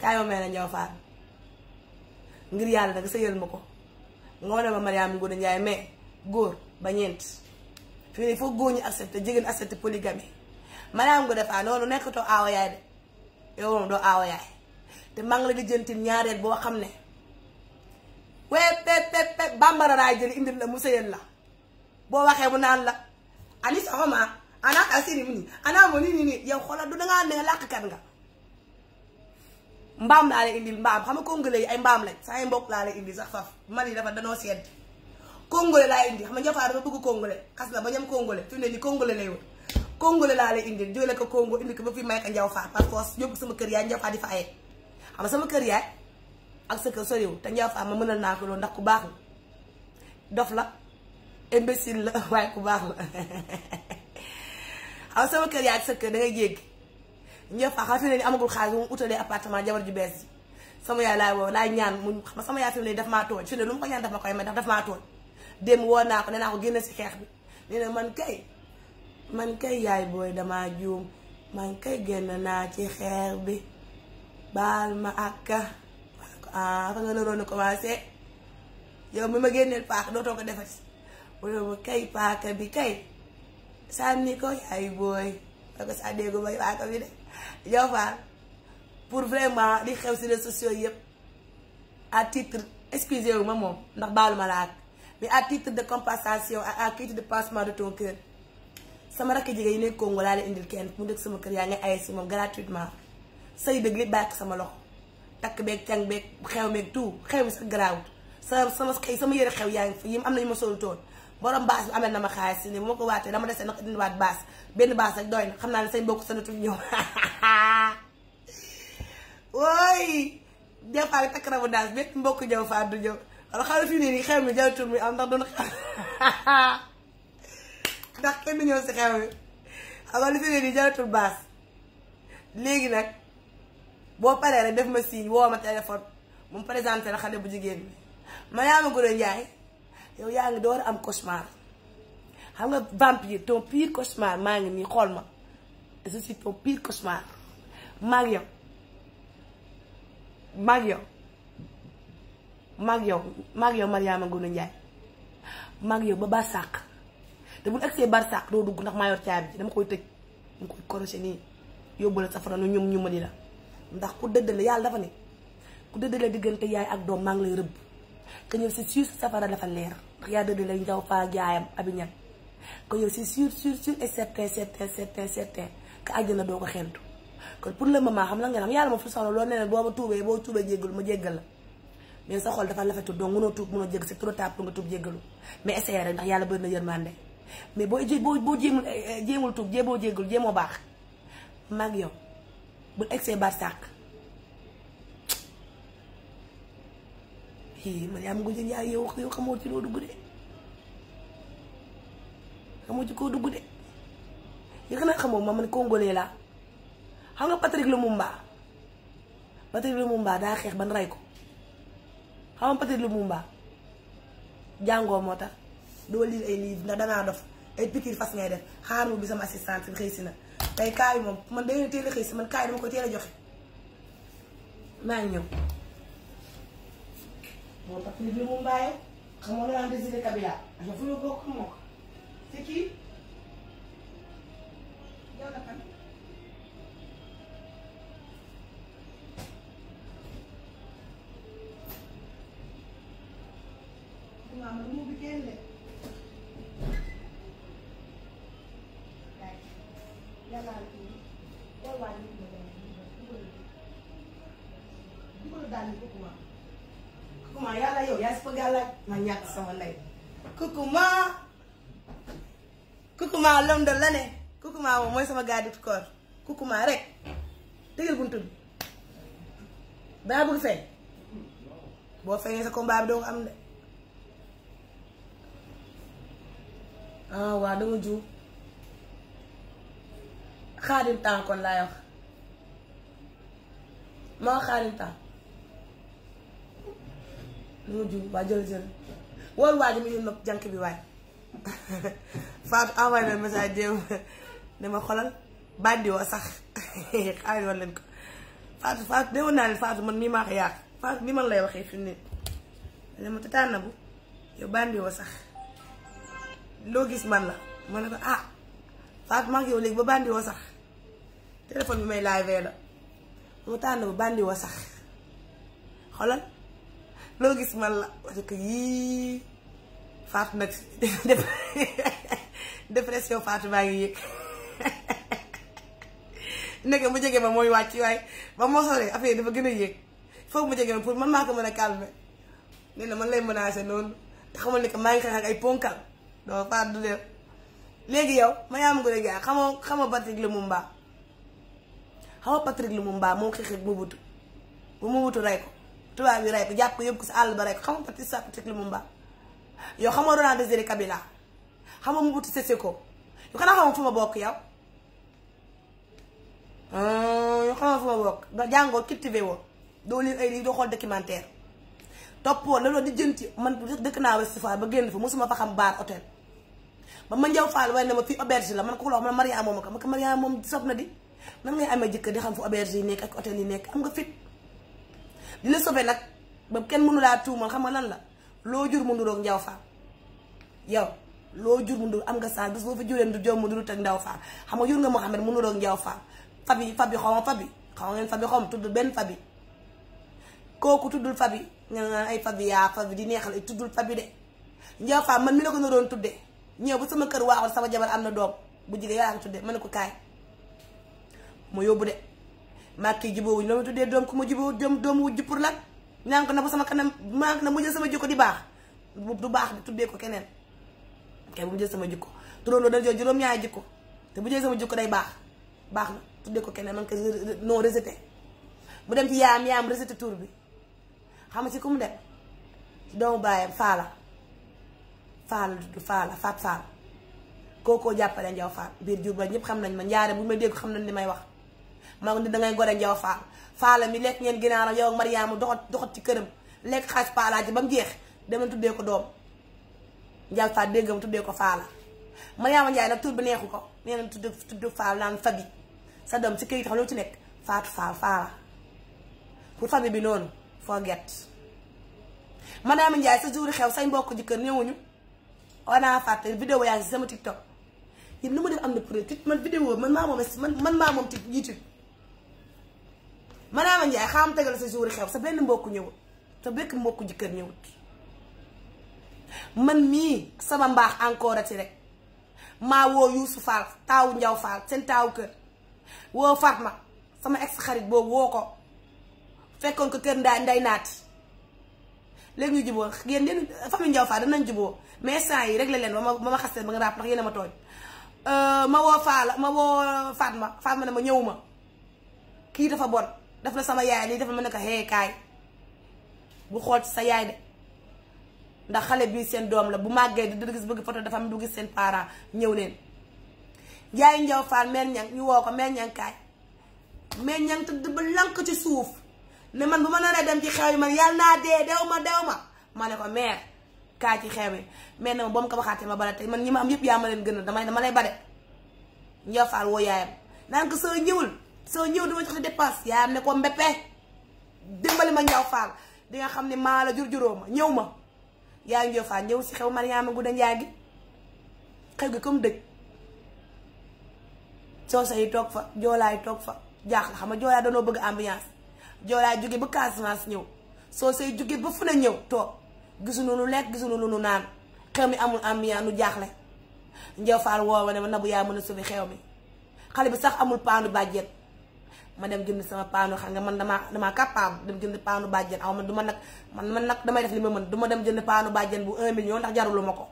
kaay ma may na ñëw faal ma nga wane ma Mariam Ngoné Ndiaye góor ba ñeent fii nii foog góor ñu accepté jigéen accepté polygamie Mariam yaay de yow moom doo aawa yaay te maa ngi la di jëntil ñaareel boo xam ne wee pep pep pep bambara raay jëli indil la mu sëyal la boo waxee mu naan la ani saxoma ana asiri mu ni ana mo ni ni ni yow xoolal du dangaa ne nga làqkat nga mbaam laa lay indil mbaam xam nga ay mbaam lañ sax yi mbokk laa lay indil sax faf Mali dafa danoo sedd congolais laa indi xam nga Jafaar dafa xas na ba ñam congolais fi mu ne lay wut Congo la laa lay indil jóge la ko Congo indi ko ba fii may ko njaw faa par yóbbu sama kër yaay njaw faa di fa aye xam sama kër yaay ak sa kër soriwul te njaw faa ma mënal naa ko loolu la dof la la waaye ku baax la xam sama kër yaay ak sa kër da ngay jéggi njaw faa xam fi ne ni amagul xaalis mu utalee appartement jabar ju bees ji sama yaay laay woo laay ñaan mu xam sama yaay fi mu ne daf maa tooñ fi ne lu mu ko ñaan daf ma koy may ndax daf maa tooñ démb woo naa ko nee naa ko génne si xeex bi nee na man kay man kay yaay booy dama juum man kay génn naa ci xeer bi baal ma akka ah fa nga naroon a commencé yow mi ma génneel paaka dootoo ko defati mu ne ma kay paaka bi kay sànni ko yaay booy da ko saa déggu may paaka bi de yow pour vraiment di xew si réseaux sociaux yëpp à titre excusez wu ma moom ndax baalu ma la ak mais à de compensation ak à de pansement de ton cœur sama rakk jigéen yi nekk Congo laa la indil kenn mu dëkk sama kër yaa ngi ay si moom gratuitement say dëgg lépp bàyyi sama loxo takk beeg càng beeg xew beeg tout xew bi sax garaawut sama sama xëy xew yaa ngi fi am nañu ma solutoon borom baas bi amel na ma xaalis si ne bu waatee dama desee naka waat baas benn baas rek doy na xam naa ne say mbokk sanatul ñëw takk rabu daas bépp mbokk ñëw fa du ñëw wala xam ne fii nii nii xew mi jawtul mi am ndax doon ndax kenn ñëw si xew mi xam nga lu fi ne jaratul baas léegi nag boo paree rek def ma signe woo ma téléphone par présenté la xale bu jigéen bi ma yaa ma yow yaa ngi door am cauchemar xam nga vampire ton pire maa ngi nii xool ma je suis ton pire cauchemar maa ngi yow maa ngi yow maa yow maa ngi yow Ndiaye maa ngi yow ba ba te buñ agsee barsàq doo dugg ndax maa yor caabi ji dama koy tëj ñu koy corroché nii yóbbu la safara lu ñum ñumali la ndax ku dëddale yàlla dafa ne ku dëddale diggante yaay ak doom maa ngi lay rëbb que yow c'est sûr safara dafa leer ndax yaa dëddale njaw faa jaayam abi ñan que yow c'est sûr sûr sûr et certain certain certain certain que àjjana xentu kon pour le moment xam la nga xam yàlla ma fu soxla loolu nee boo ma tuubee boo ma jéggal mais sa xol dafa lafetul donc mënoo tuub mënoo jégg c'est trop tard pour mais ndax yàlla bëri na yërmande mais boo eh, eh, jé boo boo jéemul jéemul tuub jée boo jéggul jéemoo baax mag yow bul egsee barsàq i man yaa ma ngo jën yaa yow xamoo ci loo dugg de xamoo ci koo dugg de yi xanaa xamoo ma man congolais la xam nga Patrick mbaa Patrick Lumumba daa xeex ban rey ko xam nga Patrick Lumumba jàngoo moo tax doo lire ay livre ndax dangaa dof ay piqûre fas ngay def xaaral bi sama assistante bi xëy si na tey kaa moom man dañu teel a xëy si man kaa yi dama ko teel a joxe maa ngi ñëw. moom parce que li yaraatul day wàññi ko kukuma kukuma yàlla yaa si fa gàllaaj ma sama ndey kukuma kukuma lom de la ne kukuma mooy sama gaadit koor kukuma rek tëjal buntu bi daa bëgg feeñ boo feeñee sa combat bi doo am de ah waa dama juum xaadim temps kon laay wax ma wax xaadim temps lu ma jum waa jël jël wool waa ji mu ñu nopp jànk bi waay Fatou envoyé na message démb ne ma xolal bàddi sax xaaral woon leen ko Fatou Fatou naa leen Fatou man mii maa ko yàq Fatou bi man lay waxee fi mu ne ne ma tataan na bu yow bàddi sax loo gis man la ma ne ko ah Fatou maa ngi yow léegi ba bàddi sax téléphone bi may live la mu tànn bu bandi wa sax xoolal loo gis man la parce que yii Fatou nag dépression Fatou baa ngi yëg nekk mu jege ma mooy ci waaye ba moo soree affaire dafa gën a yéeg foofu mu jege ma pour man maa ko mën a calmer nee na man lay menacer noonu te xamal ni que maa ngi xeex ak ay ponkal doo Fatou du def léegi yow ma yaa am nga ne gars xamoo xamoo Patrick Lumumba xaw ma Patrick Lumumba moom mu ak Mobutu ba Mobutu rey ko tubaab yu rey ko jàpp ko yóbbu ko si àll ba rey ko xam nga Patrice Patrick Lumumba yow xamoo Laurent Désiré Kabila xam nga Mobutu Sese Ko yow xanaa xamoo fu ma bokk yow yow xamoo fu ma bokk ndax jàngoo cultivé woo doo lire ay lii doo xool documentaire toppoon la loolu di jënti man dëkk naa Ouest Foire ba génn fa mosuma fa xam baar hôtel ba ma njaw faal waaye ne ma fii auberge la man ko la wax man Mariama moom ko ma ko Mariama na di nan ngay amee jëkkër di xam fu auberge yi nekk ak hôtel yi nekk am nga fit di la sauver nag ba kenn mënu laa tuumal xam nga lan la loo jur mu nduroog njaw faam yow loo jur mu am nga saan bés boo fi juree ndur joom mu ndur ak ndaw faam xam nga jur nga Mouhamed mu nduroog njaw faam fabi fabi xaw ma fabi xaw ngeen fabi xaw ma tuddul benn fabi kooku tuddul fabi nga naan ay fabi di neexal ay tuddul fabi de njaw faam man mi la ko na doon tudde ñëw ba sama kër waaxul sama jabar am na doom bu jigéen yaa am tudde ma ne ko kaay ma yóbbu de màkk yi jubóowuñ la ma tuddee doom ku ma jubóowu doom doom wujj pour lan ñaan ko na ba sama kanam ñaan na mu jël sama jikko di baax du baax di tuddee ko keneen kay bu mu sama jikko turóondoo dana jël juróom-ñaari jikko te bu jël sama jikko day baax baax na tuddee ko keneen man ko non rejeté mu dem ci yaam yaam rejeté tur bi xam nga ci ku mu dem ci doomu baayam faala faala du faala faat faal kookoo jàppale njaw faal biir jur ba ñëpp xam nañ ma njaare bu may dégg xam nañ li may wax maa ngi da ngay gore njaw faal faala mi lekk ngeen ginaaram yow ak Mariama doxat doxat ci këram lekk xaalis paalaaji ba mu jeex dem leen tuddee ko doom njaw faal dégg ma tuddee ko faala Mariama Njaay bi neexu ko nee na tudd tudd faal naan fabi sa doom si këyit xam ci nekk faatu faal faala pour famille bi noonu forget Mariama Njaay sa jouri xew sañ mbokk ji kër ñëwuñu wanaa fàtte vidéo yaa ngi si sama TikTok yéen lu ma def am na preuve man vidéo man maa moom man man maa moom ci YouTube manaama Ndiaye xaam tegal sa jour xew sa benn mbokk ñëwut sa bekk mbokk kër ñëwut man mii sama mbaax encore ci rek maa woo Youssou Fall taawu Ndiaw Fall seen taaw kër woo ma sama ex xarit boobu woo ko fekkoon ko kër nday nday naati léegi ñu juboo yéen yéen famille Ndiaw Fall danañ juboo mais instant yi rek la leen ba ma ba ma xas leen ba nga ràpp ndax yéen a ma tooñ euh, ma woo Fall ma woo Fatma Fatma ne ma ñëwuma kii dafa bon def na sama yaay lii dafa ma ne ko kaay bu xool ci sa yaay de ndax xale bii seen doom la bu màggee di dina gis bëgg photo dafa am du seen parent ñëw leen Ndiaye Ndiaw Fall meen ñang ñu woo ko meen ñang kaay meen ñang tëdd ba lank ci suuf ne man bu ma naree dem ci xew yi man yàlla naa dee dew ma dew ma ma ne ko meer kaay ci xew yi mais na ma ba mu ko waxaatee ma bala tey man ñi ma am yëpp yaa ma leen gën a damay dama lay bare Ndiaw Fall woo yaayam naan ko ñëwul soo ñëw dama jox la dépense yaayam ne ko mbeppe dimbali ma Ndiaw Fall di nga xam ne maa la jur juróo ma ñëw ma yaay Ndiaw Fall ñëw si xew Mariama Ngouda Ndiaye gi xew gi comme dëj soosa yi toog fa joolaay toog fa jaax la xam nga joolaay danoo bëgg ambiance joolaay jóge ba Casamance ñëw soo yi jóge ba fu ne ñëw toog gisuñu lu lekk gisuñu lu nu naan xew mi amul ambiance nu jaaxle Ndiaw Fall woowa ne ma Nabou yaa mën a sauver xew mi xale bi sax amul paanu bàjjet ma dem jënd sama paanu xam nga man damaa damaa capable dem jënd paanu bàjjen aw ma du ma nag man man nag damay def li ma mën du ma dem jënd paanu bàjjen bu 1 million ndax jarulu ma ko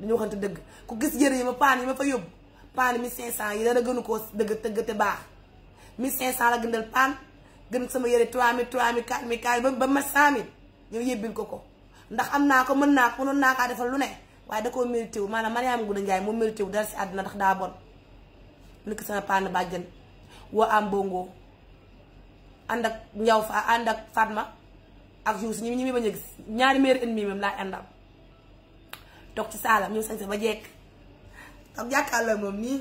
dañu dëgg ku gis yëre yi ma paan yi ma fa yóbbu paan mi 500 yi dara gënu koo dëgg tëgg te baax 1500 la gëndal paan gën sama yëre 3000 3000 4000 4000 ba ba ma 100000 ñëw yëbbil ko ko ndax am naa ko mën naa ko mënoon naa kaa defal lu ne waaye da koo mérité wu maanaam Mariam Ngounda Ndiaye moom mérité wu dara si àddina ndax daa bon nekk sama paan bàjjen wa am bongo ànd ak njaw fa ànd ak Fatma ak Youssou ñi ñi mi bañ gis ñaari meilleur ennemi moom laay àndal toog ci saalam ñëw sañ sa ba jekk toog jàkkaarloo moom nii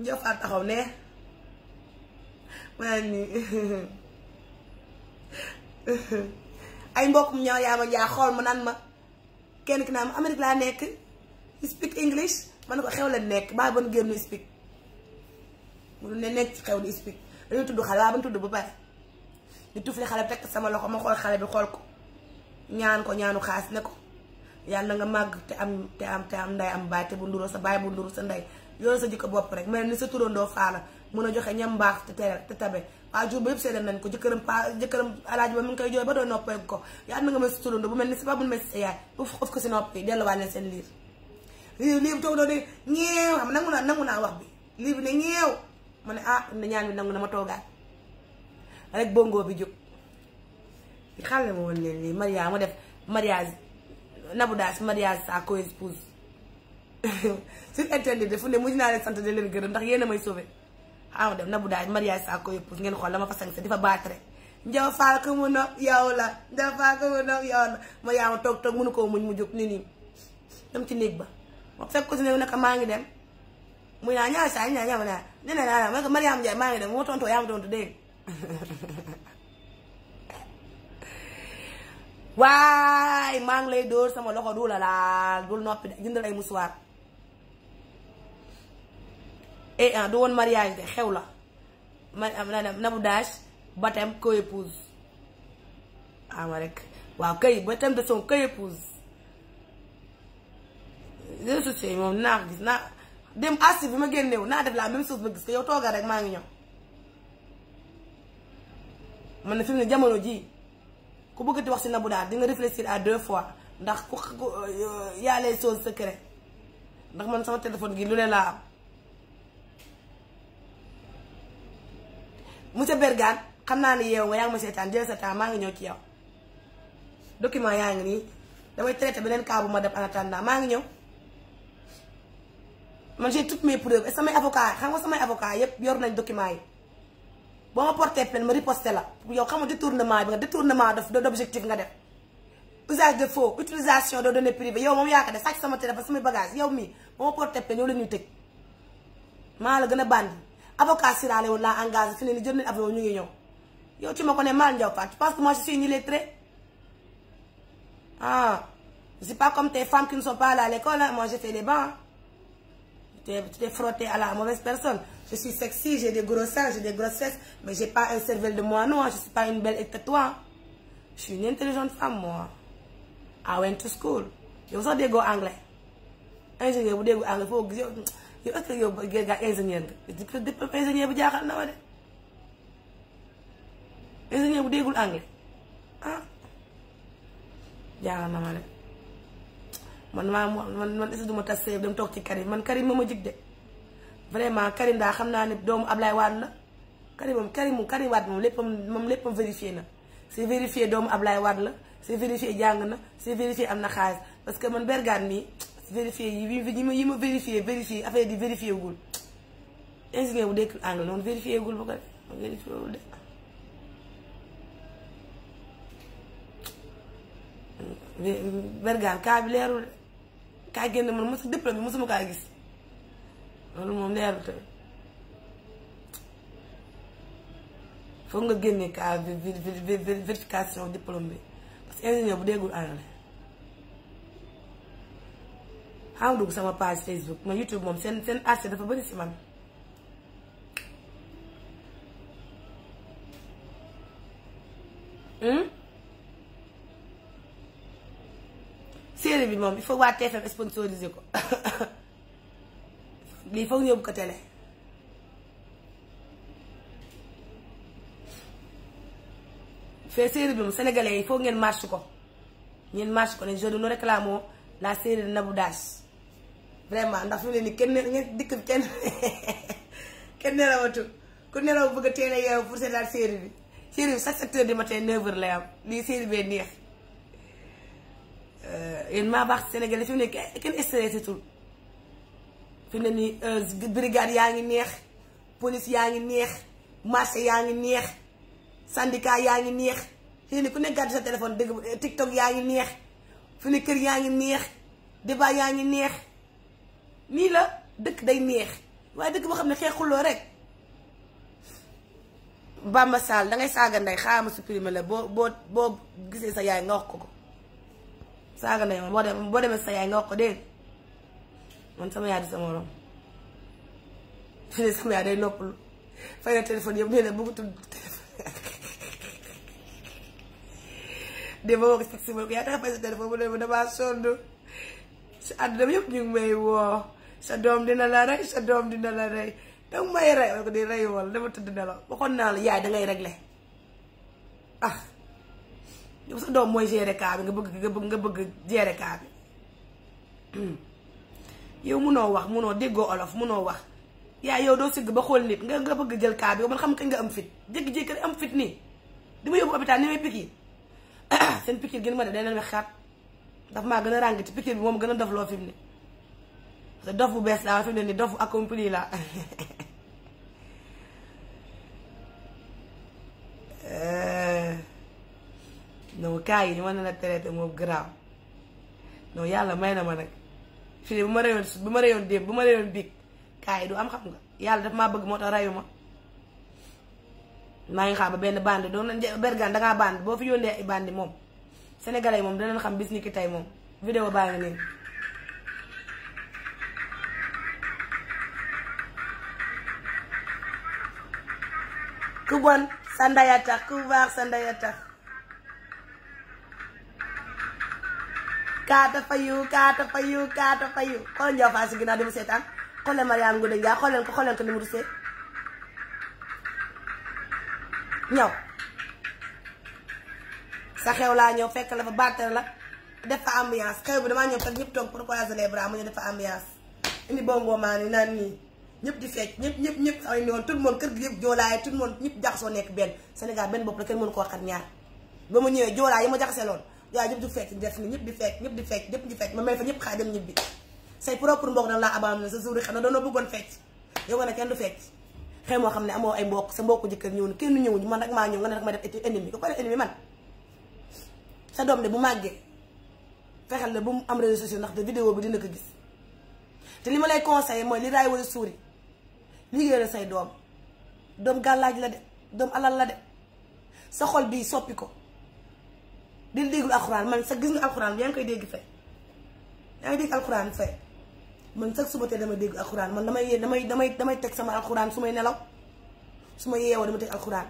njaw fa taxaw ne maa ni ay mbokkum ñaw yaa ma jaa xool ma naan ma kenn ki naa ma Amérique laa nekk speak English man ko xew la nekk baa bon génn speak mënul ne nekk ci xew di explique dañu tudd xale ba tudd ba pare di tufli xale tekk sama loxo ma xool xale bi xool ko ñaan ko ñaanu xaas ne ko yàlla na nga màgg te am te am te am nday am baay te bu nduroo sa baay bu nduru sa nday yooyu sa jikko bopp rek mel ni sa turandoo faala mun a joxe ñam mbaax te teel te tabe waa jur ba yëpp seedal nañ ko jëkkëram pa jëkkëram alaaji ba mu ngi koy jooy ba doon noppee ko yàlla na nga mel si sa turandoo bu mel ni si ba bu mel si sa yaay bu xof ko si nopp yi delluwaat leen seen liir lii lii toog doon ne ñeew xam nangu naa nangu naa wax bi lii bi ma ne ah ñaan bi nangu na ma toogaat rek bongo bi jóg xale ma woon leen lii mariage ma def mariage Nabou Dash mariage sa co-épouse sur internet de fu ne mujj naa leen sant de leen gërëm ndax yéen a may sauvé xaaral ah, ma def Nabou Dash mariage sa co-épouse ngeen xool dama fa sañ sa di fa baatre njaw faa ko mun a yow la njaw faa ko mun a yow la ma yaa ma toog koo muñ mu jóg nii nii dem ci néeg ba wax fekk ko si ne maa ngi dem muy naa ñaari saa ñu naa ñaama naa nee na naa ma ko Mariam Ndiaye maa ngi dem moo tontoo yaa ma tontu dégg maa ngi lay dóor sama loxo du la laal dul noppi jëndal ay musuwaar eh, eh du woon mariage de xew la ma nabu daaj baptême co-épouse ama ah, rek waaw kay baptême de son co-épouse moom naa ko gis naa dem assi bi ma génnew naa def la même chose ma gis ko yow toogal rek maa ngi ñëw man na fi mu jamono ji ku bëggati wax si Nabou Dash di nga réfléchir à deux fois ndax ku euh, y a les choses secrètes ndax man sama téléphone gi lu ne laa am monsieur Bergane xam naa ni yow nga yaa ma seetaan jël sa maa ngi ñëw ci yow document yaa ngi nii damay traité beneen cas ma def en attendant maa ngi ñëw man j'ai toutes mes preuves et samay avocat xam nga samay yor nañ document yi boo ma porté plainte ma riposté la yow xam nga détournement bi nga détournement de d'objectif nga def usage de faux utilisation de données privées yow moom yaa ko def sama téléphone samay bagage yow mii boo ma porté plainte yow la ñuy tëj maa la gën a bandi avocat sirale woon laa engagé fi ni jël nañ avion ñu ngi ñëw yow ci ma ko ne Mal Ndiaye Fall tu penses que moi je suis une illettrée ah c'est pas comme tes femmes qui ne sont pas allées à l'école moi t'es t'es frotté à la mauvaise personne je suis sexy j'ai des gros seins j'ai des grosses fesses mais j'ai pas de moineau hein je suis pas une belle et toi je suis une intelligente femme moi I went to school yow sax déggoo anglais ingénieur bu déggu anglais foo gis yow yow est-ce que yow gaa ingénieur nga diplôme ingénieur bu jaaxal na ma de ingénieur bu déggul anglais ah jaaxal na ma de man maa man man est-ce que du ma tas sëy dem toog ci Karim man kari ma ma jig de vraiment Karim daa xam naa ne doomu Ablaye Wade la Karim moom Karim moom Karim Wade moom léppam moom léppam vérifié na c'est vérifié doomu Ablaye Wade la c'est jàng na c'est vérifié am na xaalis parce que man bergaan mii vérifié yi yi ma yi ma vérifié di vérifié wul ingénieur bu dëkk de bergaan kaa kaa génn man mosu diplôme bi mosuma kaa gis loolu moom leeru tamit foog nga génne kaa vérification diplôme bi parce que ingénieur bu déggul anglais xam nga dugg sama page Facebook ma YouTube moom seen seen accès dafa bëri si man hmm série bi moom il faut waa TFM sponsoriser ko lii foog yóbbu ko télé fee série bi moom sénégalais yi foog ngeen marche ko ngeen marche ko ne je no réclamons la série de Nabou daas vraiment ndax fi mu ne nii kenn ngeen dikk bi kenn kenn nelawatul ku nelaw bëgg a teel a yeewu pour seetaan série bi série bi chaque sept heures du matin neuf heures lay am lii série bee neex Euh, yéen maa baax Sénégalais fi mu ne kenn stressé tul fi ne nii brigade yaa ngi neex police yaa ngi neex marché yaa ngi neex syndicat yaa ngi neex fi ne ku nekk gàddu sa téléphone dëgg TikTok yaa ngi neex fi ne kër yaa ngi neex débat yaa ngi neex nii la dëkk day neex waaye dëkk boo xam ne xeexuloo rek Bamba Sall dangay saaga nday xaaral ma supprimer la boo boo boo gisee sa yaay nga wax ko ko saaga ndey moom boo boo demee sa yaay nga wax ko dégg man sama yaay day noppalu fay na téléphone yëpp nee na bëgg tudd téléphone ko si ko yaa tax fay sa téléphone mu ne ma damaa sonn si àdduna yëpp ñu ngi may woo sa doom dina la rey sa doom dina la rey danga may rey wala ko di rey wala dama tëdd nelaw waxoon naa la yaay dangay réglé ah yow sa doom mooy gérer cas bi nga bëgg nga bëgg nga bëgg gérer cas bi hmm. yow munoo wax munoo déggoo olof munoo wax yaay yow doo sigg ba xool nit nga nga bëgg jël cas bi yow man xam kañ nga am fit jékki-jékki am fit nii di ma yóbbu hôpital ni may pikiir seen pikiir gën ma ne danañ wax xaat daf maa gën a ràng ci pikiir bi moom gën a dof loo fi mu ne te dof bu bees laa fi ne nii dof bu accompli la laa eh. non cas yi ñu mën na la moom grave non yàlla may na ma nag fii bu ma rayoon bu ma rayoon démb bu ma rayoon biig cas yi du am xam nga yàlla daf maa bëgg moo tax rayu ma maa ngi xam ba benn bandi doon na bergan dangaa bandi boo fi yónnee ay bandi moom sénégalais moom danañ xam bis ni ki tey moom vidéo baa ngi nii ku bon sa ndaya tax ku baax sa ndaya tax kaata fayu kaata fayu kaata fayu xoolal Ndiaw Fass ginnaaw di mu seetaan xoolal Mariam Ngouda Ndiaye xoolal ko xoolal ko ni mu rusee ñaw sa xew laa ñëw fekk la fa bàttal la def fa ambiance xew bi damaa ñëw fekk ñëpp toog pour croiser les bras mu ñu def fa ambiance indi bongo maa ni naan nii ñëpp di fecc ñëpp ñëpp ñëpp ay noon tout le monde kër gi yëpp joolaay tout le monde jaxasoo nekk benn Sénégal benn bopp la kenn mënu koo xat ñaar mu ñëwee joolaay yi ma jaxasee loon yaa ñëpp di fecc def ni ñëpp di ñëpp di fecc ñëpp di fecc ma may fa ñëpp xaaj dem ñibbi say propre mbokk dañ laa abandonné sa jour yi xam ne doonoo bëggoon fecc yow nga kenn du fecc xëy moo xam ne amoo ay mbokk sa mbokku jëkkër ñëw na kenn ñëwuñu man rek maa ñëw nga ne rek ma def ennemi ko ko def ennemi man sa doom de bu màggee fexel la bu mu am réseaux sociaux ndax de vidéo bi dina ko gis te li ma lay conseillé mooy li raay wala suuri liggéeyal say doom doom gàllaaj la de doom alal la de sa xol bii soppi ko di déglu alxuraan man sax gis nga alxuraan yaa ngi koy dégg fay yaa ngi dégg alxuraan fay man sax suba tey dama dégg alxuraan man damay yee damay damay damay teg sama alxuraan su may nelaw su ma yeewoo dama teg alxuraan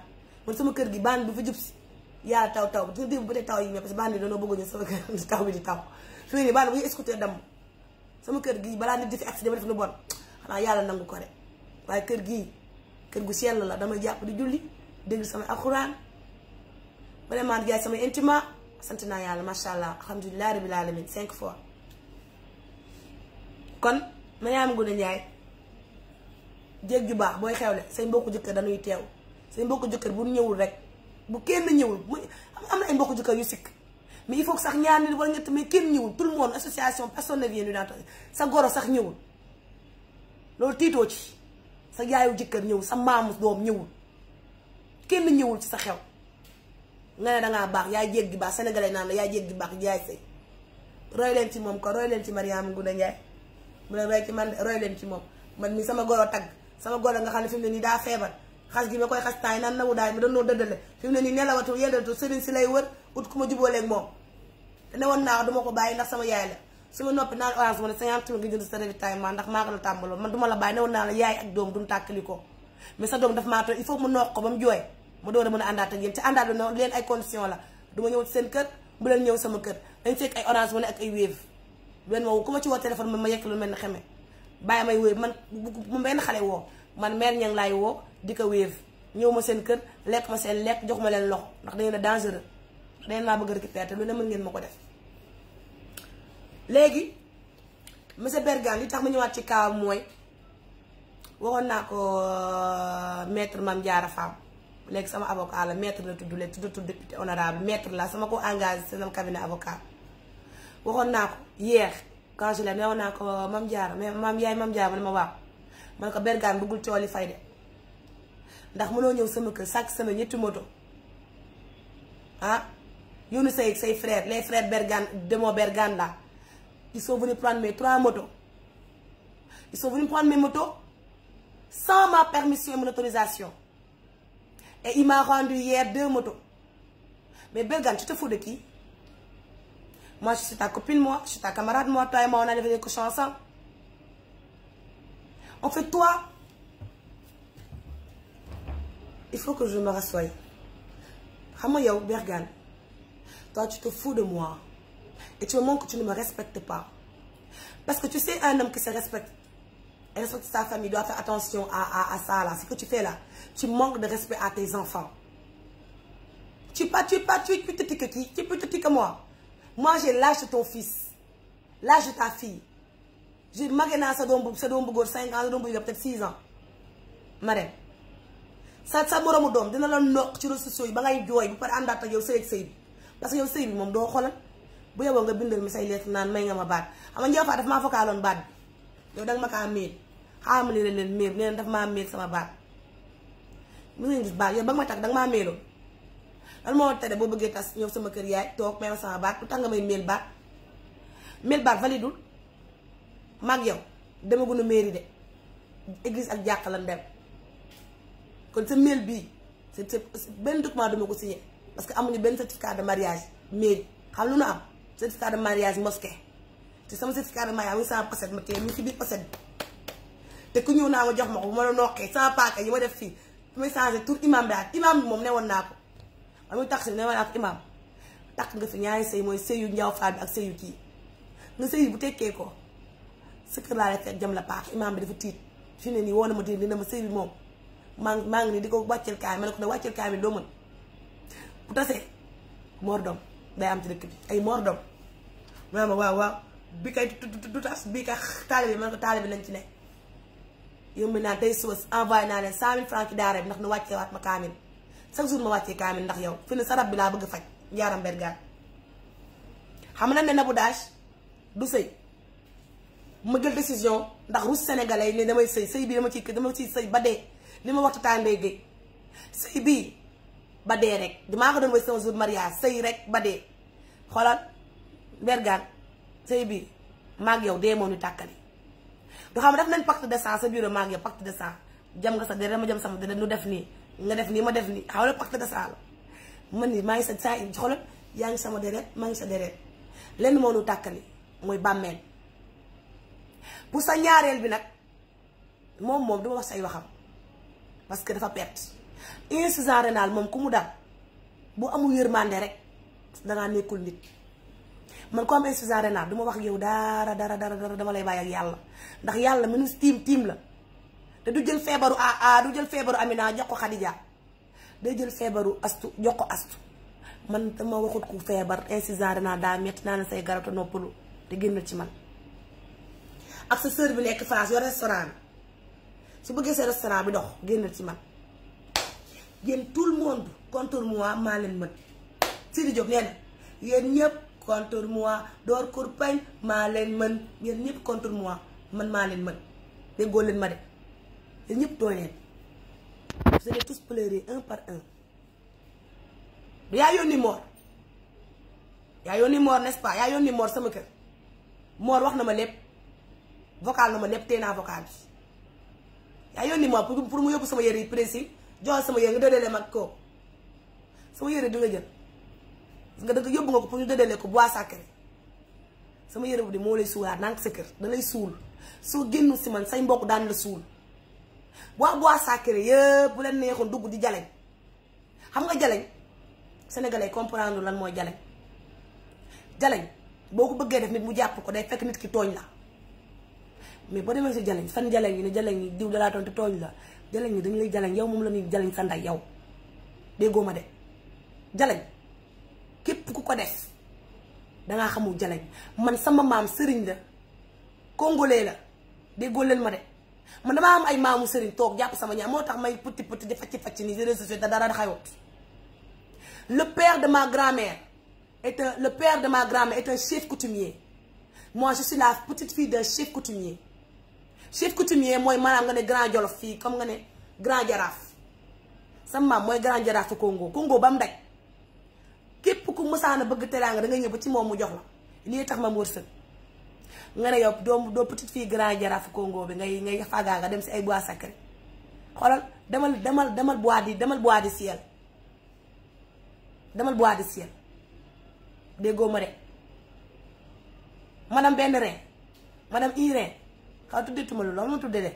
man sama kër gi baan bi fa jub si yàlla taw taw dina dégg ba tey taw yi mais parce que baan bi dañoo bëgg ñu sama kër taw di taw su ne sama kër gii balaa nit di fi accident ba def lu bon xanaa yàlla nangu ko de waaye kër gii kër gu sell la damay jàpp di julli dégg sama alxuraan vraiment jaay sama intima sant naa yàlla macha allah alhamdulilah rabil alamin cinq fois kon Mariama Ngoné Ndiaye jéeg ju baax booy xewle say mbokku jëkkër dañuy teew say mbokku jëkkër bu ñëwul rek bu kenn ñëwul mu am na ay mbokku jëkkër yu sikk mais il faut sax ñaar nit wala ñett mais kenn ñëwul tout le monde association personne ne vient du naan sa goro sax ñëwul loolu tiitoo ci sa yaayu jëkkër ñëwul sa maamu doom ñëwul kenn ñëwul ci sa xew. nga ne dangaa baax yaay jéggi baax sénégalais naan la yaay jéggi baax yaay sëy roy leen ci moom ko roy leen ci Mariama Ngounda Ndiaye mu ne roy man leen ci moom man mi sama goro tagg sama goro nga xam ne fi ne nii daa feebar xas gi ma koy xas taay naan nawu daay ma ne nii nelawatul yeddatu sëriñ si lay wër ut ku ma jubooleeg moom te ne woon naa wax duma ko bàyyi ndax sama yaay la su ma noppi naan orange mo ne cinquante mille nga jënd sa ravitaillement ndax maa ko la tàmbaloon man duma la bàyyi ne naa la ma doon a mën a àndaat ak yéen ci àndaat bi noonu leen ay condition la du ma ñëw seen kër bu leen ñëw sama kër dañ fekk ay orange money ak ay wave leen woowu ku ma ci woo téléphone man ma yekk lu mel ni xeme bàyyi may wave man mu benn xale woo man mère ñang laay woo di ko wave ñëw ma seen kër lekk ma seen lekk jox ma leen loxo ndax dañu ne dangereux dañu naa bëgg récupérer te lu ne mën ngeen ma ko def léegi monsieur Bergan li tax ma ñëwaat ci kaawam mooy waxoon naa ko euh, maître ma Diarra Fam léegi sama avocat la maître la tudd léegi tuddatul député honorable maître la sama ko engage sama cabinet avocat waxoon naa ko yeex quand je naa ko euh, mam jaar mais mam yaay mam jaar ma ma waaw ma ko bergaan bëggul cooli de ndax mënoo ñëw sama kër chaque semaine ñetti moto ah yónni say say frère les frères bergaan demoo bergaan la ils sont venus prendre mes trois motos ils sont venus prendre mes motos permission et autorisation Et il m'a rendu hier deux Mais Belgan, tu te de qui Moi, je suis moi. Je suis moi. Toi moi, on a levé des cochons ensemble. toi, il faut que je me rassoie. Ramoyao, Bergan, toi, tu te fous de moi. Et tu me montres que tu ne me pas. Parce que tu sais, un homme qui se respecte, inspecte sa famille doit faire attention à, à, à ça là. Ce que tu de respect à tes enfants. Tu pas, tu pas, tu es plus petit que qui Tu es plus petit que moi. Moi, j'ai l'âge de ton fils, l'âge de ta fille. Je magué naa sa doom bu sa doom bu góor ans sa doom bu yóbbu ans sa doom dina ci sociaux yi ba ngay jooy bu pare àndaat ak yow sëy ak sëy bi parce que yow sëy bi moom doo xoolal bu yeboo nga bindal mi say lettre naan may nga ma baat xam nga Ndiaye xaaral ma ne leen leen meer nee na daf maa meer sama baat mu ngeen gis baat yow ba nga ma takk danga boo bëggee tas sama kër yaay toog may ma sama baat tax nga may meel baat meel baat validul mag yow demaguñu mairie de église ak jàkka lan dem kon sa meel bii c'est benn document dama ko signé parce que amuñu benn certificat de mariage mairie xam lu nu am certificat de mariage mosquée te sama certificat de mariage muy sama pochette mu ci biir pochette bi. te ku ñëw naa ma jox ma ko bu ma la noqee sama paaka yi ma def fii bu may changé tur imam bi imam moom ne woon naa ko ba muy tax si ne woon naa ko imam nga fi ñaari sëy mooy sëyu njaaw faal bi ak sëyu kii nga sëy bu tekkee ko sa kër laa la jëm la paaka imam ne nii woo na ma di dina ma sëy bi moom maa ngi ngi nii di ko wàcceel kaay ma ne ko ne wàcceel kaay bi doo mën bu ci dëkk bi ay mordom mu ne ma waaw waaw bi kay du tas bii kay taalibe bi ma ne ko taalibe bi lañ ci nekk yëmb naa tey suba envoyé naa leen cent mille francs ci daara bi ndax nu wàcce waat ma kaamil chaque jour ma wàccee kaamil ndax yow fi ne sa rab bi laa bëgg faj njaaram bergaan xam na ne Nabou Dash du sëy ma jël décision ndax rus sénégalais yi ne damay sëy sëy bi dama ci dama ci sëy ba dee li ma waxtu tàndee géej sëy bii ba dee rek damaa ko doon way sama jour mariage sëy rek ba dee xoolal bergaan sëy bii maag yow dee moo ñu tàkkali doxam xam def nañ pacte de sang sa bureau maa ngi pacte de sang jam nga sa deret ma jam sama deret nu def nii nga def nii ma def nii xaw la pacte de la man nii maa ngi sa saa xoolal yaa ngi sama deret maa sa deret lenn moo nu tàkkali mooy bàmmeel pour sa ñaareel bi nag moom moom duma wax say waxam parce que dafa perte insuffisance rénale moom ku mu dal bu amul yërmande rek dangaa nekkul nit man ko am insuffisance rénale du ma wax ak yow dara dara dara dara dama lay bàyyi ak yàlla ndax yàlla mënu tiim tiim la te du jël feebaru ah du jël feebaru Amina jox ko Khadija day jël feebaru astu jox ko astu man dama waxut ku feebar insuffisance eh, rénale daa metti naa ne say garab te noppalu te génn ci man ak sa sœur bi nekk France yor restaurant bi su bëggee sa restaurant bi dox génn ci man yéen tout le monde contre moi maa leen mën Sidi Diop nee na yéen ñëpp contre moi door kurpañ maa leen man yéen ñëpp contre moi man maa leen mën déggoo leen ma de yéen ñëpp dooy leen vous allez tous pleurer un par un yaa yónni moor yaa yónni moor n'est-ce pas yaa yónni moor sama kër moor wax na ma lépp vocal na ma lépp tee naa vocal bi yaa yónni moor pour mu yóbbu sama yére yi précis jox sama yére nga doodeele mag koo sama yére du jël nga dëgg yóbbu nga ko pour ñu dëddalee ko bois sacré sama yére bu di moo lay suulaat nank sa kër da lay suul soo génnu si man say mbokk daan la suul bois bois sacré yëpp bu leen neexoon dugg di jaleñ xam nga jaleñ sénégalais comprendre lan mooy jaleñ jaleñ boo ko bëggee def nit mu jàpp ko day fekk nit ki tooñ la mais boo demee si jaleñ fan jaleñ yi ne jaleñ yi diw dalaa toon te tooñ la jaleñ yi dañu lay jaleñ yow moom la ñuy jaleñ sa ndey yow déggoo ma de jaleñ képp ku ko def dangaa xamul jalañ man sama maam sëriñ la congolais la déggoo leen ma de man damaa am ay maamu sëriñ toog jàpp sama ñaar moo tax may putti putti di facci facci ni réseaux sociaux te dara xewut le père de ma grand-mère est un le père de ma grand-mère est un chef coutumier moi je suis la petite fille d'un chef coutumier chef coutumier mooy maanaam nga ne grand jolof fii comme nga ne grand jaraaf sama maam mooy grand jaraafu Congo Congo ba mu daj képp ku mësaana bëgg teraanga da nga ñëw ba ci moom mu jox la lii tax ma wërsëg nga ne yow doo doo petite fille grand jaraaf Congo bi ngay ngay fagaa nga dem si ay bois sacré xoolal demal demal demal bois di demal bois di ciel demal bois di déggoo ma de madame benn rein madame i rein xaw tudde tuma loolu ma tudde de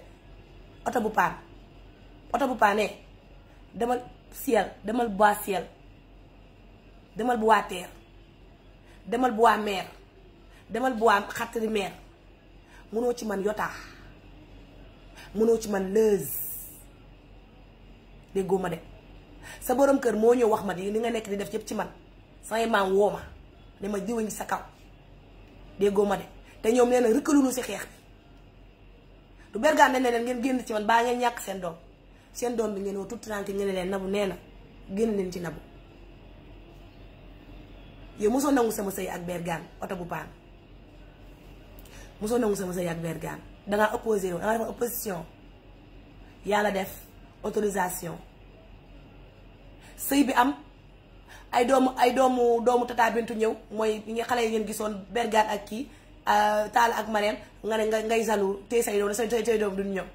oto bu paan oto bu paanee eh. demal ciel demal bois ciel demal bu waa teer demal bu waa meer demal bu waa xattari meer mënoo ci man yotaa mënoo ci man lëz déggoo ma de sa borom kër moo ñëw wax ma di li nga nekk di def yëpp ci man samay maam woo ma ne ma diwa ngi sa kaw déggoo ma de te ñoom nee na rëkkalunu si xeex bi du bergaan ne leen ngeen génn ci man baa ngeen ñàkk seen doom seen doom bi ngeen woo tout tranquille ñu ne leen nabu nee na génn leen ci nabu yow mosoo nangu sama sëy ak bergaan oto bu paan mosoo nangu sama sëy ak bergaan dangaa opposé wu dangaa def opposition yàlla def autorisation sëy bi am ay doomu ay doomu doomu tata bintu ñëw mooy ñi xale yi ngeen gisoon bergaan ak kii euh, taal ak mareem nga ne nga ngay salu tey say doom say say doom duñ ñëw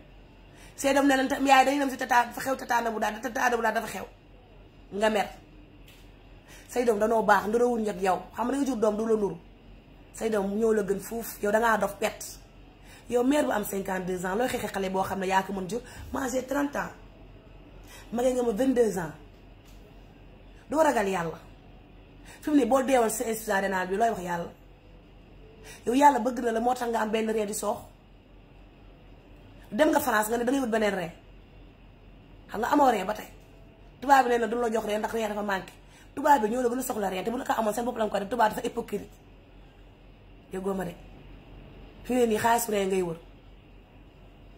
say doom ne leen yaay dañuy dem si tata fa xew tata na bu daal tata bu daal dafa xew nga mer say doom danoo baax ndurawul ñëpp yow xam nga jur doom du la nuru say doom ñoo la gën fuuf yow dangaa dof pet yow mère bu am cinquante 52 ans looy xeexi xale boo xam ne yaa ko mën jur man j'ai 30 ans magee nga ma 22 ans doo ragal yàlla fi ne boo deewal sa insuffisance rénale bi looy wax yàlla yow yàlla bëgg na la moo tax nga am benn reen di soox dem nga France nga ne dangay wut beneen reen xam nga amoo reen ba tey tubaab bi nee na du la jox reen ndax reen dafa tubaab bi ñoo la gën a soxla rien te bu la ko amoon seen bopp la ko def tubaab dafa hypocrite déggoo ma de fi ngay wër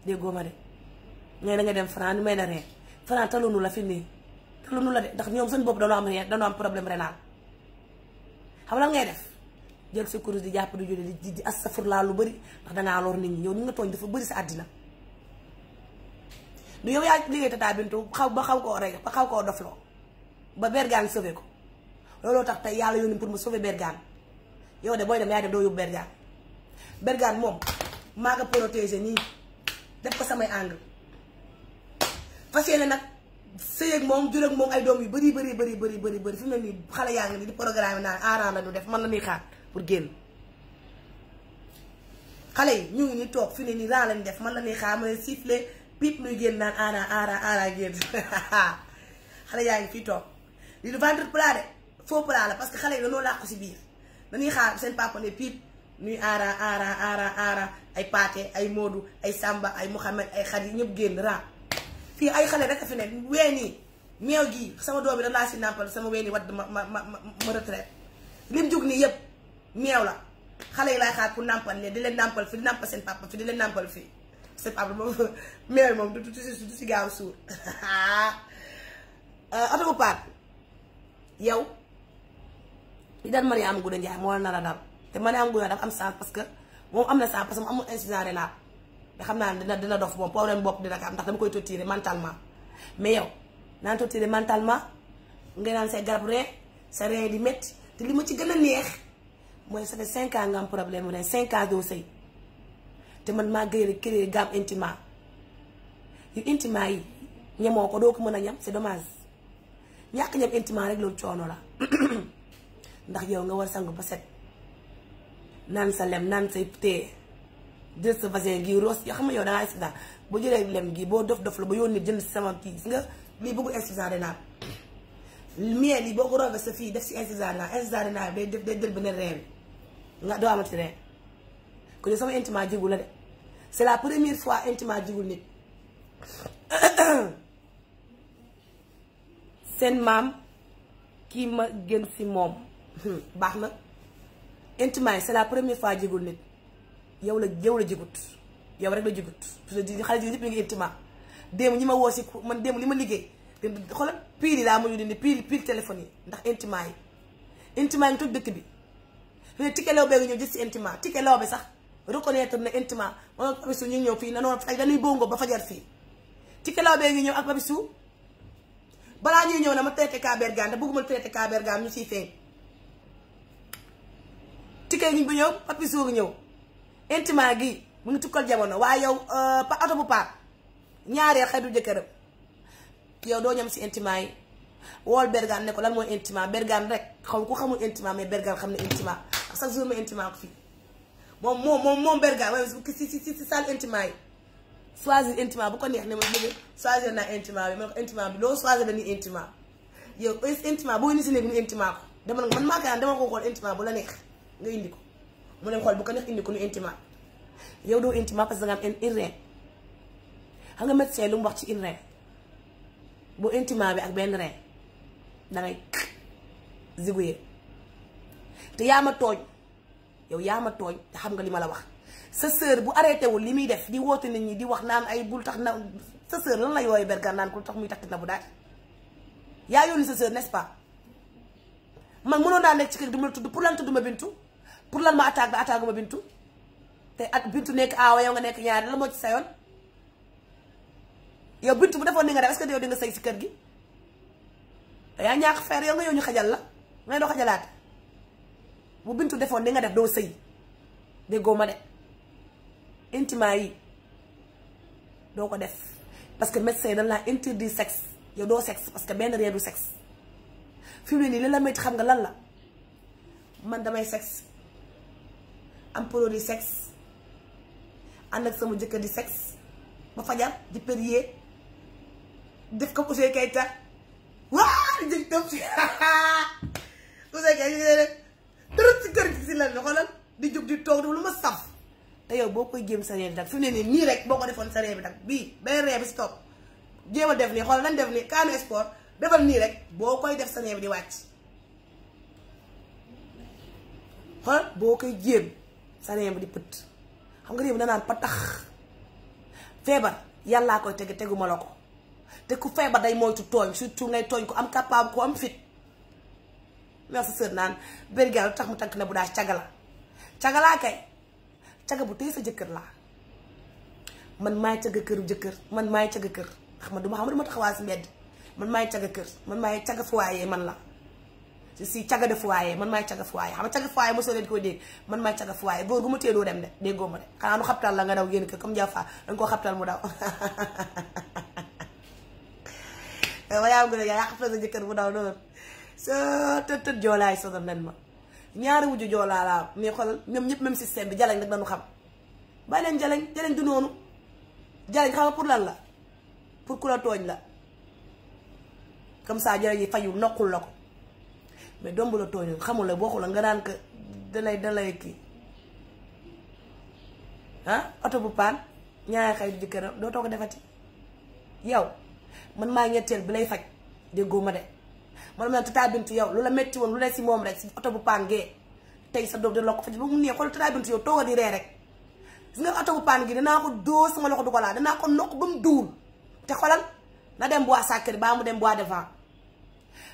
déggoo ma de ngay na nga dem Fran may na reen Fran talunu la fi nii talunu la de ndax ñoom seen bopp dañoo am reen dañoo am problème rénal xam lan ngay def jël sa kurus di jàpp di julli di di astafurlaa lu bari ndax dangaa lor nit ñi yow ni nga tooñ dafa bëri sa àddina du yow yaa liggéey tata Bintu xaw ba xaw koo rey ba xaw koo dofloo ba Bergane sauvé ko looloo tax tey yàlla yónni pour mu sauvé Bergane yow de booy dem yaay dem doo yóbbu Bergane Bergane moom maa ko nii def ko samay angle fas ne nag sëy moom jur moom ay doom yu bari bëri bari bari bari bëri fi mu nii xale yaa ngi nii di programme naan aaraan la def man la ñuy xaar pour génn xale yi ñu ngi ni toog fi ne nii ran lañ def man la ñuy xaar ma ne sifflé pip nuy génn naan aaraan aaraan aaraan génn xale yaa ngi fii toog lii du ventre plat de faux plat la parce que xale yi dañoo làqu si biir dañuy xaar seen papa ne piip ñuy aara aara aara ay paate ay moodu ay samba ay Mouhamed ay xar yi ñëpp génn ra fii ay xale rek a fi ne ween meew gii sama doom bi da laa si nàmpal sama weeni yi wadd ma ma ma ma lim jug nii yëpp meew la xale yi laay xaar pour nàmpal leen di leen nàmpal fi di nàmpal seen papa fi di leen nàmpal fii seen papa moom meew moom du du si gaaw suur ah, yow li dal Mariama Ngouda Ndiaye moo la nar a dal te Mariama Ngouda dafa am chance parce que moom am na chance parce que mu amul incident rénal te xam naa dina dina dof moom problème bopp dina ko am ndax dama koy torturer mentalement mais yow naan torturer mentalement nga naan say garab ree sa ree di métti te li ma ci gën a neex mooy ça fait cinq ans nga am problème mu ne cinq ans doo sëy te man maa gëy créer gamme intima yu intima yi ñemoo ko doo ko mën a ñam c'est dommage ñàkk ñam intiment rek loolu coono la ndax yow nga war sangu ba set naan sa lem naan say téye jël sa vaccin gii roos yoo xam nga yow da ngaa excitant boo jëlee lem gi boo dof dof la ba yónni jënd si sama kii gis nga lii bëggu excitant de naat miel yi boo ko roobee sa fii def si excitant de naat excitant de naat day def day jël beneen reen nga doo amati reen ko de sama intimement jigul la de c'est la première fois intimement jigul nit seen maam kii ma gën si moom baax na intimaay c'est la première fois jigul nit yow la yow la jigut yow rek la jigut parce que xale jigéen ñëpp ñu ngi ma woo si man démb li ma liggéey xoolal piil yi daa mujj dindi piil piil téléphone yi ndax intima yi intima yi ñu toj dëkk bi su ne tike lawbe nga ñëw jël si intima tike lawbe sax reconnaître na intima moom ak Papichou ñu ñëw fii nanoon faj dañuy bongo ba fajar fii tike lawbe ngi ñëw ak Papichou balaa ñuy ñëw na ma traité cas Bergane da bëgguma traité cas Bergane ñu siy feeñ tikkee ñu bu ñëw papi suur ñëw intima gi mu ngi tukkal jamono waaye yow euh, pa oto bu paat ñaareel xedu jëkkëram yow doo ñam si intima yi wool Bergane ne ko lan mooy intima Bergane rek xaw ku xamul intima mais Bergane xam ne intima chaque jour ma intima ko fii moom moom moom moom waaye si si si si salle yi choisir intima bu ko neex ne ma jóge choisir naa intima bi ma ne ko intima bi loo choisir dañuy intima yow intima boo indi si léegi ñu intima ko dama nag man la neex nga indi ko mu dem bu ko neex indi ko ñu yow doo intima parce que nga am une reine xam nga médecin lu mu ci une reine bi ak benn reine da ngay zigouye te yaa tooñ yow yaama ma tooñ te xam nga li ma la wax. sa sœur bu arrêté wul li muy def di woote nit ñi di wax naan ay bul tax na sa sœur lan la yooyu bergar naan ko tax muy takk na bu daal yaa yónni sa sœur n'est-ce man mënoon naa nekk ci kër gi ma tudd pour lan ma bintu pour lan ma attaque ba bintu te at bintu nekk aawa yow nga nekk ñaari la moo ci sa yoon yow bintu bu defoon ni nga def est di nga sëy si kër gi yaa ñaax feer yow yow ñu xajal la ngay doo xajalaat bu bintu defoon ni nga def doo sëy déggoo ma de intimat yi doo ko def parce que médecin yi dañ laa interdit sexe yow doo sexe parce que benn ree du sexe fi mu ne xam nga lan la man damay sexe am produit sama jëkkër di sexe ba fajar di périer def comme Ouzin lu ma saf te yow boo koy jéem sa ree bi dag fi ne nii rek boo ko defoon sa ree bi nag bii benn ree bi stop jéem a def nii xool lan def nii Kano Sport defal nii rek boo koy def sa ree bi di wàcc boo koy jéem sa bi di pëtt xam nga ree bi danaan patax feebar yàllaa koy teg teguma la ko te ku feebar day moytu tooñ surtout ngay tooñ ko am capable ko am fit mais sa sër naan bergal tax mu tànk na bu daa cagala cagalaa caga bu téye sa jëkkër laa man maay caga këru jëkkër man maay caga kër ndax man duma xam duma taxawaa si mbedd man maay caga kër man maay caga foyer man la si si caga de man maay caga foyer xam nga caga foyer mosoo leen koy dégg man maay caga foyer góor gu ma téye doo dem de déggoo ma de xanaa nu xaptal la nga daw génn ko comme jàppa danga koo xaptal mu daw wayaa gën a yaa xaptal sa jëkkër mu daw noonu sa tët tët joolaay sonal nan ma ñaari wujju joolaa laa mais xoolal ñoom ñëpp même système bi jaleñ nag dañu xam bàyyi leen jaleñ jaleñ du noonu jaleñ xam nga pour lan la pour ku la tooñ la comme saa jaleñ yi fayu noqul la ko mais doom bu la xamul la bokkul la nga naan que dalay dalay kii ah oto bu paan ñaari xarit jëkkëram doo too ko yow man maa ñetteel bi lay faj déggoo ma de ma ne Tata Bintu yow lu la woon lu ne si moom rek si bu paan gee tey sa doom dina la ko faj ba rek gis nga oto bu gi danaa ko sama loxo du ko laal ko nokk ba mu duul te na dem bois sacré ba mu dem bois devant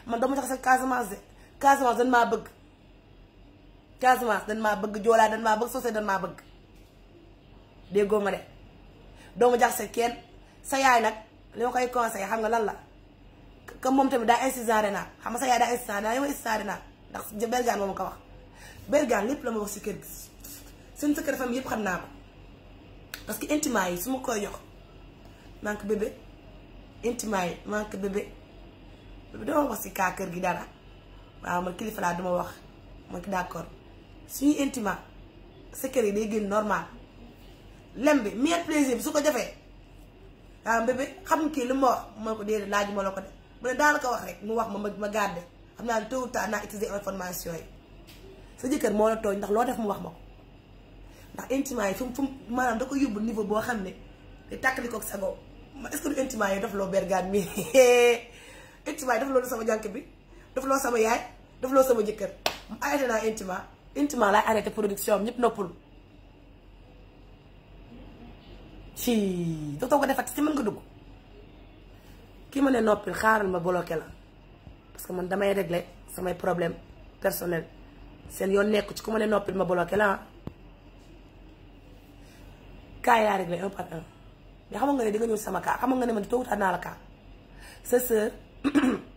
man dama tax sa Casamance de Casamance dañ maa bëgg Casamance dañ maa bëgg Joolaa dañ maa bëgg Socé dañ maa bëgg déggoo ma de doomu jax sa kenn sa yaay nag li ma koy conseil xam nga lan la comme moom tamit daa insisté Rena xam nga sa yaay daa insisté daa yow insisté Rena ndax Bergane moo ma ko wax Bergane lépp la ma wax si kër gi seen secret famille yëpp xam naa ko parce que intimat yi su ma koy jox maa ngi ko bébé intimat yi maa ngi ko bébé dama wax si kaa kër gi dara waaw man kilifa laa duma wax man d'accord suñu intimat secret yi day génn normal lem bi meilleur plaisir bi su ko jafee waaw bébé xam kii lu ma wax moo ko déedéet laaj ma la ko def mu ne daa ko wax rek mu wax ma ma gàdde xam naa ne tôt ou tard naa utiliser information yi sa jëkkër moo la tooñ ndax loo def mu wax ma ko ndax intimat yi fu fu maanaam da ko yóbbu niveau boo xam ne te tàkkali koog sa bopp est-ce du intimat yi daf loo bergaan mi intimat yi daf loo sama jànk bi daf loo sama yaay daf loo sama jëkkër mu arrêté naa intimat intimat laay arrêté production am ñëpp noppul ci dootoo ko defati si mën nga dugg. kii ma ne noppil xaaral ma bloqué la parce que man damay régler samay problème personnel seen yoon nekku ci ku ma ne noppil ma bloqué la ah yaa réglé mais xam nga ne di nga ñëw sama cas xam nga ne man tôt ou tard naa la cas sa sœur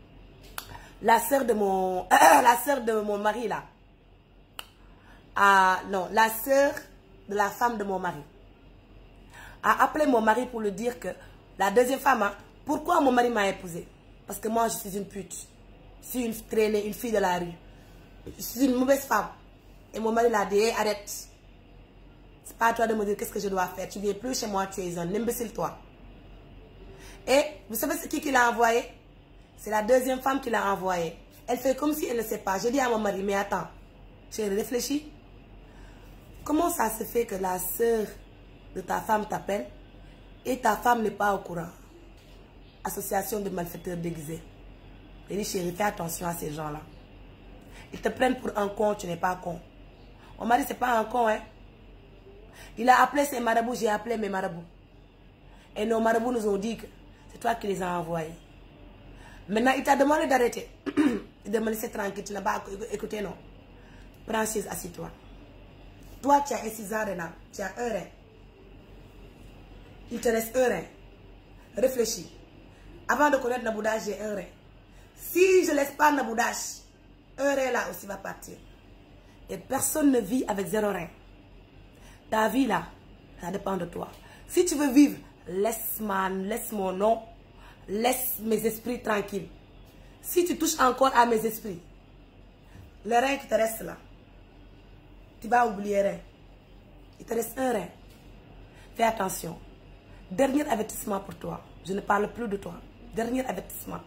la sœur de mon la sœur de mon mari là ah, non la sœur de la femme de mon mari a ah, appelé mon mari pour lui dire que la deuxième femme ah Pourquoi mon mari m'a épousée Parce que moi, je suis une pute. Je une traînée, une fille de la rue. Je suis une mauvaise femme. Et l'a dit, hey, arrête. C'est pas de me dire qu'est-ce que je dois faire. Tu viens plus chez moi, tu es un imbécile, toi. Et vous savez c'est qui l'a envoyé C'est la deuxième femme qui l'a envoyé. Elle fait comme si elle ne sait pas. Je dis à mon mari, mais attends, j'ai réfléchi. se fait que la sœur de ta femme t'appelle et ta femme n'est pas au association de malfaiteurs déguisés. Et dit, chérie, attention à ces gens-là. Ils te prennent pour un con, tu n'es pas un con. On m'a dit, c'est pas un con, hein. Il a appelé ses marabouts, j'ai appelé mes marabouts. Et nos marabouts nous ont dit que c'est toi qui les as envoyés. Maintenant, il t'a demandé d'arrêter. il demandé, c'est tranquille, tu n'as pas écouté, non. Prends chaise, assis-toi. Toi, tu as un césar rein, tu as un rein. Il avant de connaître Nabou Dash, j'ai un rein. Si je laisse pas Nabou Dash, un rein là aussi va partir. Et personne ne vit avec zéro rein. Ta vie là, ça dépend de Si tu veux vivre, laisse, ma, laisse mon nom, laisse mes esprits tranquilles. Si tu touches encore à mes esprits, le rein qui te reste là, tu vas oublier rein. Il te reste un rein. Fais attention. Dernier avertissement pour toi. Je ne parle plus de toi. dernier avertissement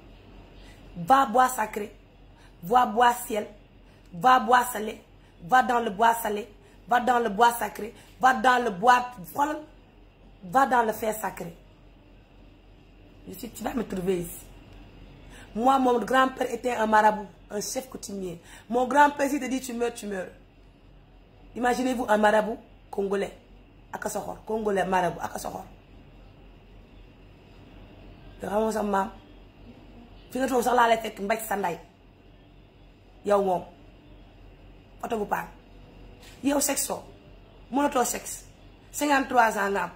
va bois sacré va bois ciel va bois salé va dans le bois salé va dans le bois sacré va dans le bois xoolal va dans le fer sacré je suis tu vas moi mon grand-père était un marabout un chef coutumier mon grand-père si te dit tu meurs imaginez-vous un marabout congolais ak a soxor congolais marabout ak a soxor da xamoo sa maam fi nga toog sax laa lay fekk mbaj sa ndey yow moom oto bu paan yow sexo mënatoo sexe cinquante trois ans nga am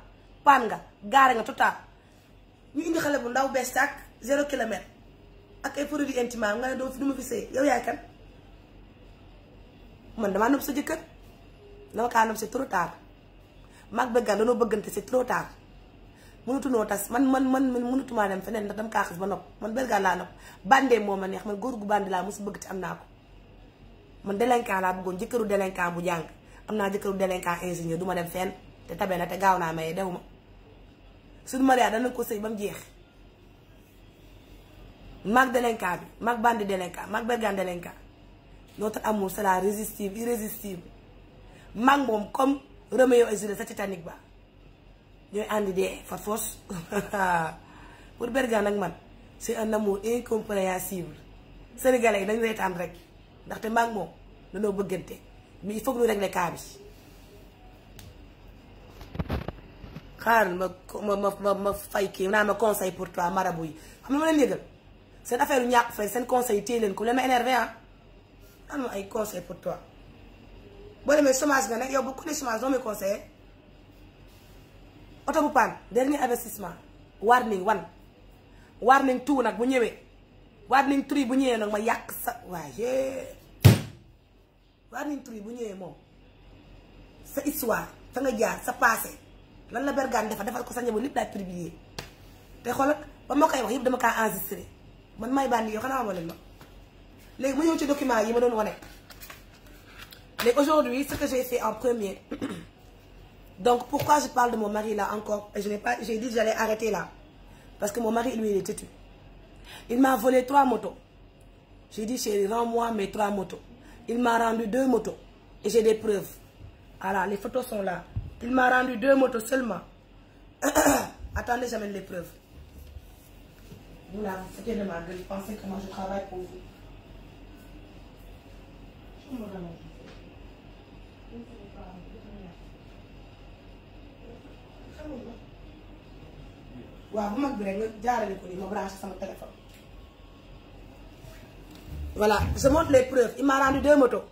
paan nga gaare nga total ñu indi xale bu ndaw bees tàkk zéro kilomètre ak ay produits intimes nga ne doo fi du ma fi sëy yow yaay kan man damaa nëb sa jëkkër dama kaa nëb c'est trop tard mag bëggaan danoo bëggante c'est trop tard noo tas man man man man mënutumaa dem feneen ndax kaa ba nopp man bergal laa moo ma neex man góor gu bandi laa mosu bëgg am naa man délinquant laa bëggoon jëkkëru délinquant bu jàng am naa jëkkëru délinquant ingénieur du ma dem fenn te tabe na gaaw naa dew ma suñu mariage ko sëy ba jeex maag délinquant bi maag bandi délinquant maag bergan délinquant notre amour c'est la résistible irrésistible maag moom comme Roméo et Juliette sa Titanic ba ñooy àndi dee far force pour Bergane ak man c'est un amour incompréhensible sénégalais yi dañu reetaan rek ndaxte maa ngi moom dañoo bëggante mais il faut que ñu régler cas ma ma ma fay kii naa ma conseil pour toi marabu yi xam nga ma leen yëgal seen affaire ñàkk fay seen conseil téye leen ko leen ma énervé ah am ay conseil pour toi boo demee chômage nga ne yow bu ku ne chômage doo may conseillé oto bu paan dernier investissement warning one warning two nag bu ñëwee warning three bu ñëwee nag ma yàq sa waaye warning three bu ñëwee moom sa histoire fa nga sa passé lan la bergaan defal defal ko sa njaboot lépp daal publier te xoolal ba ma koy wax yëpp dama kaa enregistré man may bànn yoo xanaa xamoo leen ma léegi ma ñëw ci document yi ma doon wane léegi aujourd'hui ce que j'ai fait en premier Donc pourquoi je parle de mon mari la encore Je n'ai pas, j'ai dit que j'allais arrêter là. Parce que mon mari, lui, il est têtu. Il m'a volé trois motos. J'ai dit, chérie, rends-moi mes trois motos. Il m'a rendu deux motos. Et j'ai des preuves. Alors, ah les photos sont là. Il m'a rendu deux motos seulement. Attendez, j'amène les preuves. Vous là, vous de ma gueule. Pensez comment je travaille pour vous. waaw bu mag bi rek nga jaarale ko nii ma branché sama téléphone. voilà je montre les preuves il m'a rendu deux motos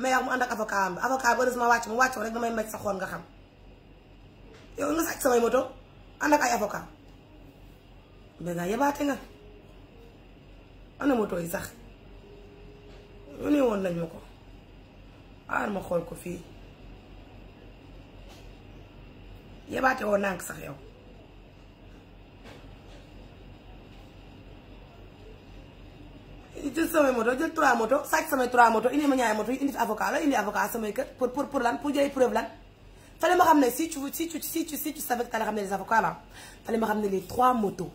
mais mu ànd ak avocat am avocat bi heureusement wàcc ma wàcc rek damay mbéj sa xoon nga xam yow nga sàcc samay moto ànd ak ay avocat mais nga yebaate nga moto yi sax ñu ne woon nañ ma ko aar ma xool ko fii yebaate woon naa ko sax yow. jël samay moto jël trois moto sàcc samay trois moto indi ma ñaari moto yi indi fi avocat la indi avocat samay kër pour pour pour lan pour jëlee preuve lan fallait ma ne si tu si tu si tu si tu savais que les avocats là fallait ma xam ne les trois motos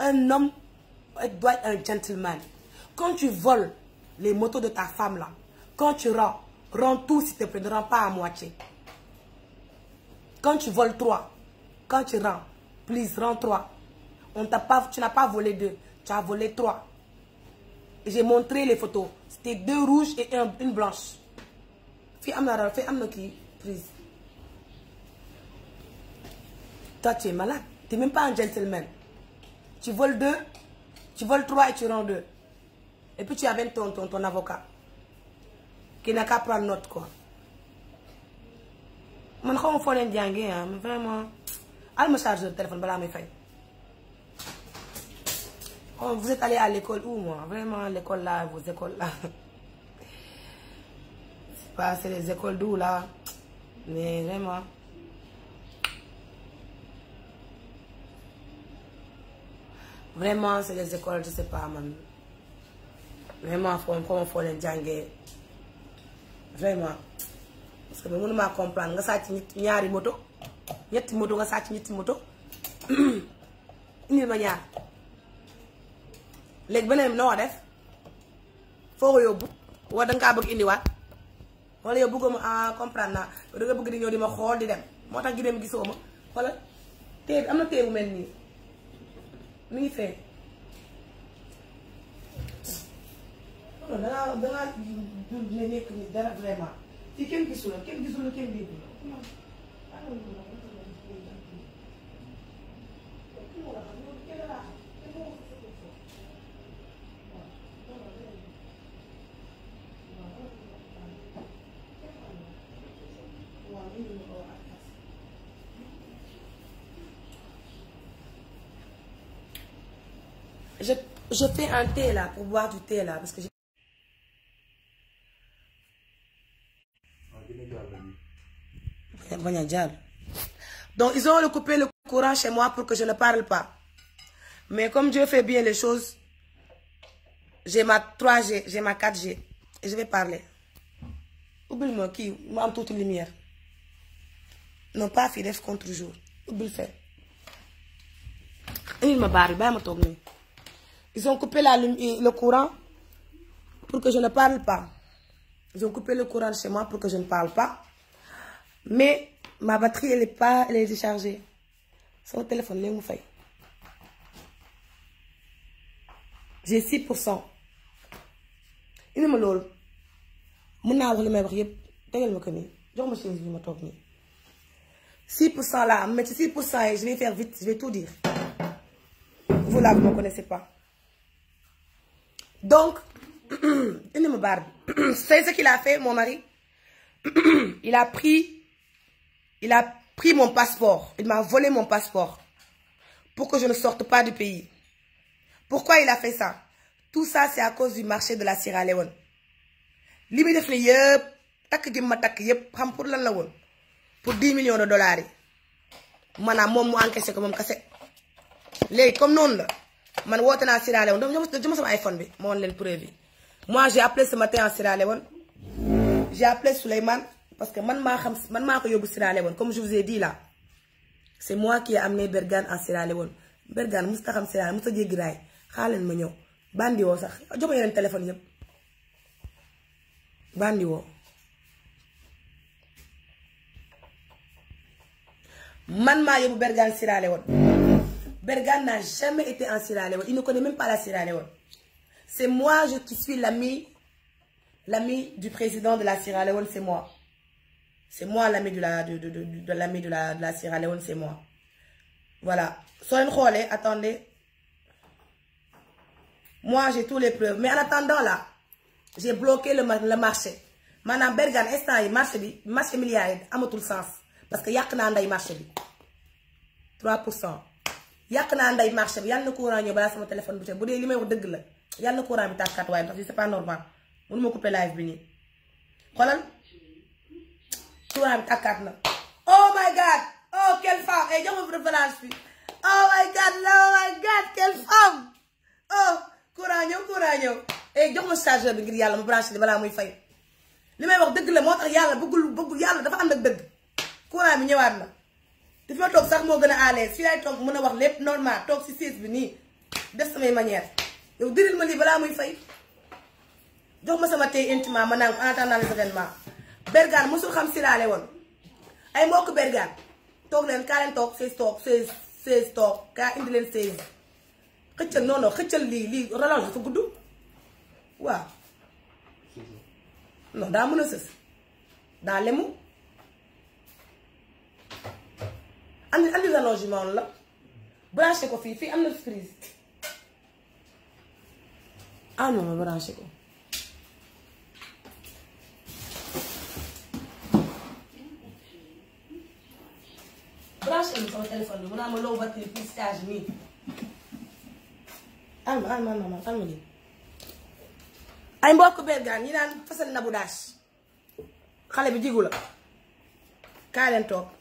un homme doit un gentleman quand tu voles les motos de ta femme la quand tu rends rends tout s'il te plaît ne rends pas à moitié quand tu voles trois quand tu rends please rends trois on t'a pas tu n'as pas volé deux tu as volé trois j'ai montré les photos c'était deux rouges et un une blanche fii am na dara fii am na kii prise toi tu es malade t'es même pas un gentleman tu voles deux tu voles trois et tu rends deux et puis tu avais ton ton ton avocat qui n'a qu'à prendre note quoi man xaw ma foo leen jàngee ah vraiment al ma chargeur téléphone balaa may On, oh, vous êtes allé à l'école où, moi Vraiment, l'école là, vos écoles là. C'est pas, c'est les écoles d'où là. Mais vraiment. Vraiment, c'est les écoles, je sais pas, man. Vraiment, comment faut les djanguer. Vraiment. Parce que je ne peux comprendre. Nga sati ñaari moto. Ñetti moto, nga sati ñetti moto. Indi ma ñaar. léegi beneen noo def foo ko yóbbu wala da nga kaa bëgg indiwaat wala yow bëggoo ma ah, comprendre naa da nga bëgg di ñëw di ma xool di dem moo tax gi dem gisoo ma xoolal téye am na téye bu mel nii mi ngi fee. non da je, je fais un thé là pour boire du thé là parce que. Donc ils ont coupé le courant chez moi pour que je ne parle pas. Mais comme Dieu fait bien les choses, j'ai ma 3G, j'ai ma 4G. Et je vais parler. Oublie-moi qui, moi en toute lumière. Non pas fidèle contre jour. Oublie le fait. Il m'a barré, ben m'a tourné. Ils ont coupé la, le courant pour que je ne parle pas. Ils ont coupé le courant chez moi pour que je ne parle pas. Mais ma batterie, elle est pas, elle est déchargée. Son téléphone, les fait. J'ai 6%. Il me lol. Mon arbre, le mèbre, il me connaît. Genre, ma chaise, je me toque. 6% là, mais 6% et je vais faire vite, je vais tout dire. Vous là, vous ne me connaissez pas. donc indi ma baar bi c'est ce qu'il a fait mon mari il a pris il a pris mon passeport il m'a volé mon passeport pour que je ne sorte pas du pays pourquoi il a fait ça tout ça c'est à cause du marché de la Sierra Leone li muy def ni takk gi ma takk yëpp xam pour lan la woon pour 10 millions de dollars yi maanaam moom mu encaissé ko moom kese léegi comme noonu la man woote naa Sierra Leone dama jëma sama iPhone bi moo woon leen preuve yi moi j'ai appelé ce matin en Sierra Leone parce que man maa xam man maa ko yóbbu Sierra woon comme je vous ai dit là c'est moi qui ai amené Bergane en Sierra Leone Bergane mosut a xam raay xaar ma ñëw bandi sax a ma yeneen téléphone yëpp bandi woo man maa yóbbu Bergane Sierra Leone Bergan n'a jamais été en Sierra Leone. Il ne connaît même pas la Sierra Leone. C'est moi je, qui suis l'ami l'ami du président de la Sierra Leone, c'est moi. C'est moi l'ami de la, de, de, de, de l'ami de la, de la c'est moi. Voilà. Soyez relais, attendez. Moi, j'ai tous les preuves. Mais en attendant, là, j'ai bloqué le, le marché. Maintenant, Bergan, instant, le marché, le marché milliard, à mon tout le sens. Parce que y a que marché. 3%. yàq naa nday marché bi yàlla na courant ñëw balaa sama téléphone bi te bu dee li may wax dëgg la yàlla na courant bi tàkkaat waaye ndax c'est pas normal mënuma couper live bi nii xoolal courant bi tàkkaat na oh my god oh quelle femme ay eh, jox ma préférence bi oh my god oh my god quelle femme oh courant ñëw courant ñëw eh, jox ma chargeur bi ngir yàlla mu branché di balaa muy fay li may wax dëgg la moo tax yàlla bëggul bëggul yàlla dafa ànd ak dëgg courant bi ñëwaat na te ma toog sax moo gën a à l'aise fii laay toog mën a wax lépp normal toog si siis bi nii def samay manière yow diril ma lii balaa muy fay jox ma sama tey intimement ma naan ko en attendant les événements Bergane mosul xam siraale woon ay mbokk Bergane toog leen kaa leen toog seize toog seize seize toog kaa indi leen seize xëccal non non xëccal lii lii rallonge dafa gudd waaw non daa mën a sës daa lemu andi andi allongement la branché ko fii fii am na prise ah non ma branché ko branché bi sama téléphone bi mu naa ma low batterie plus charge nii am am am am nii ay mbokk bergaan yi daan fasal na bu daas xale bi jigu la kaa leen toog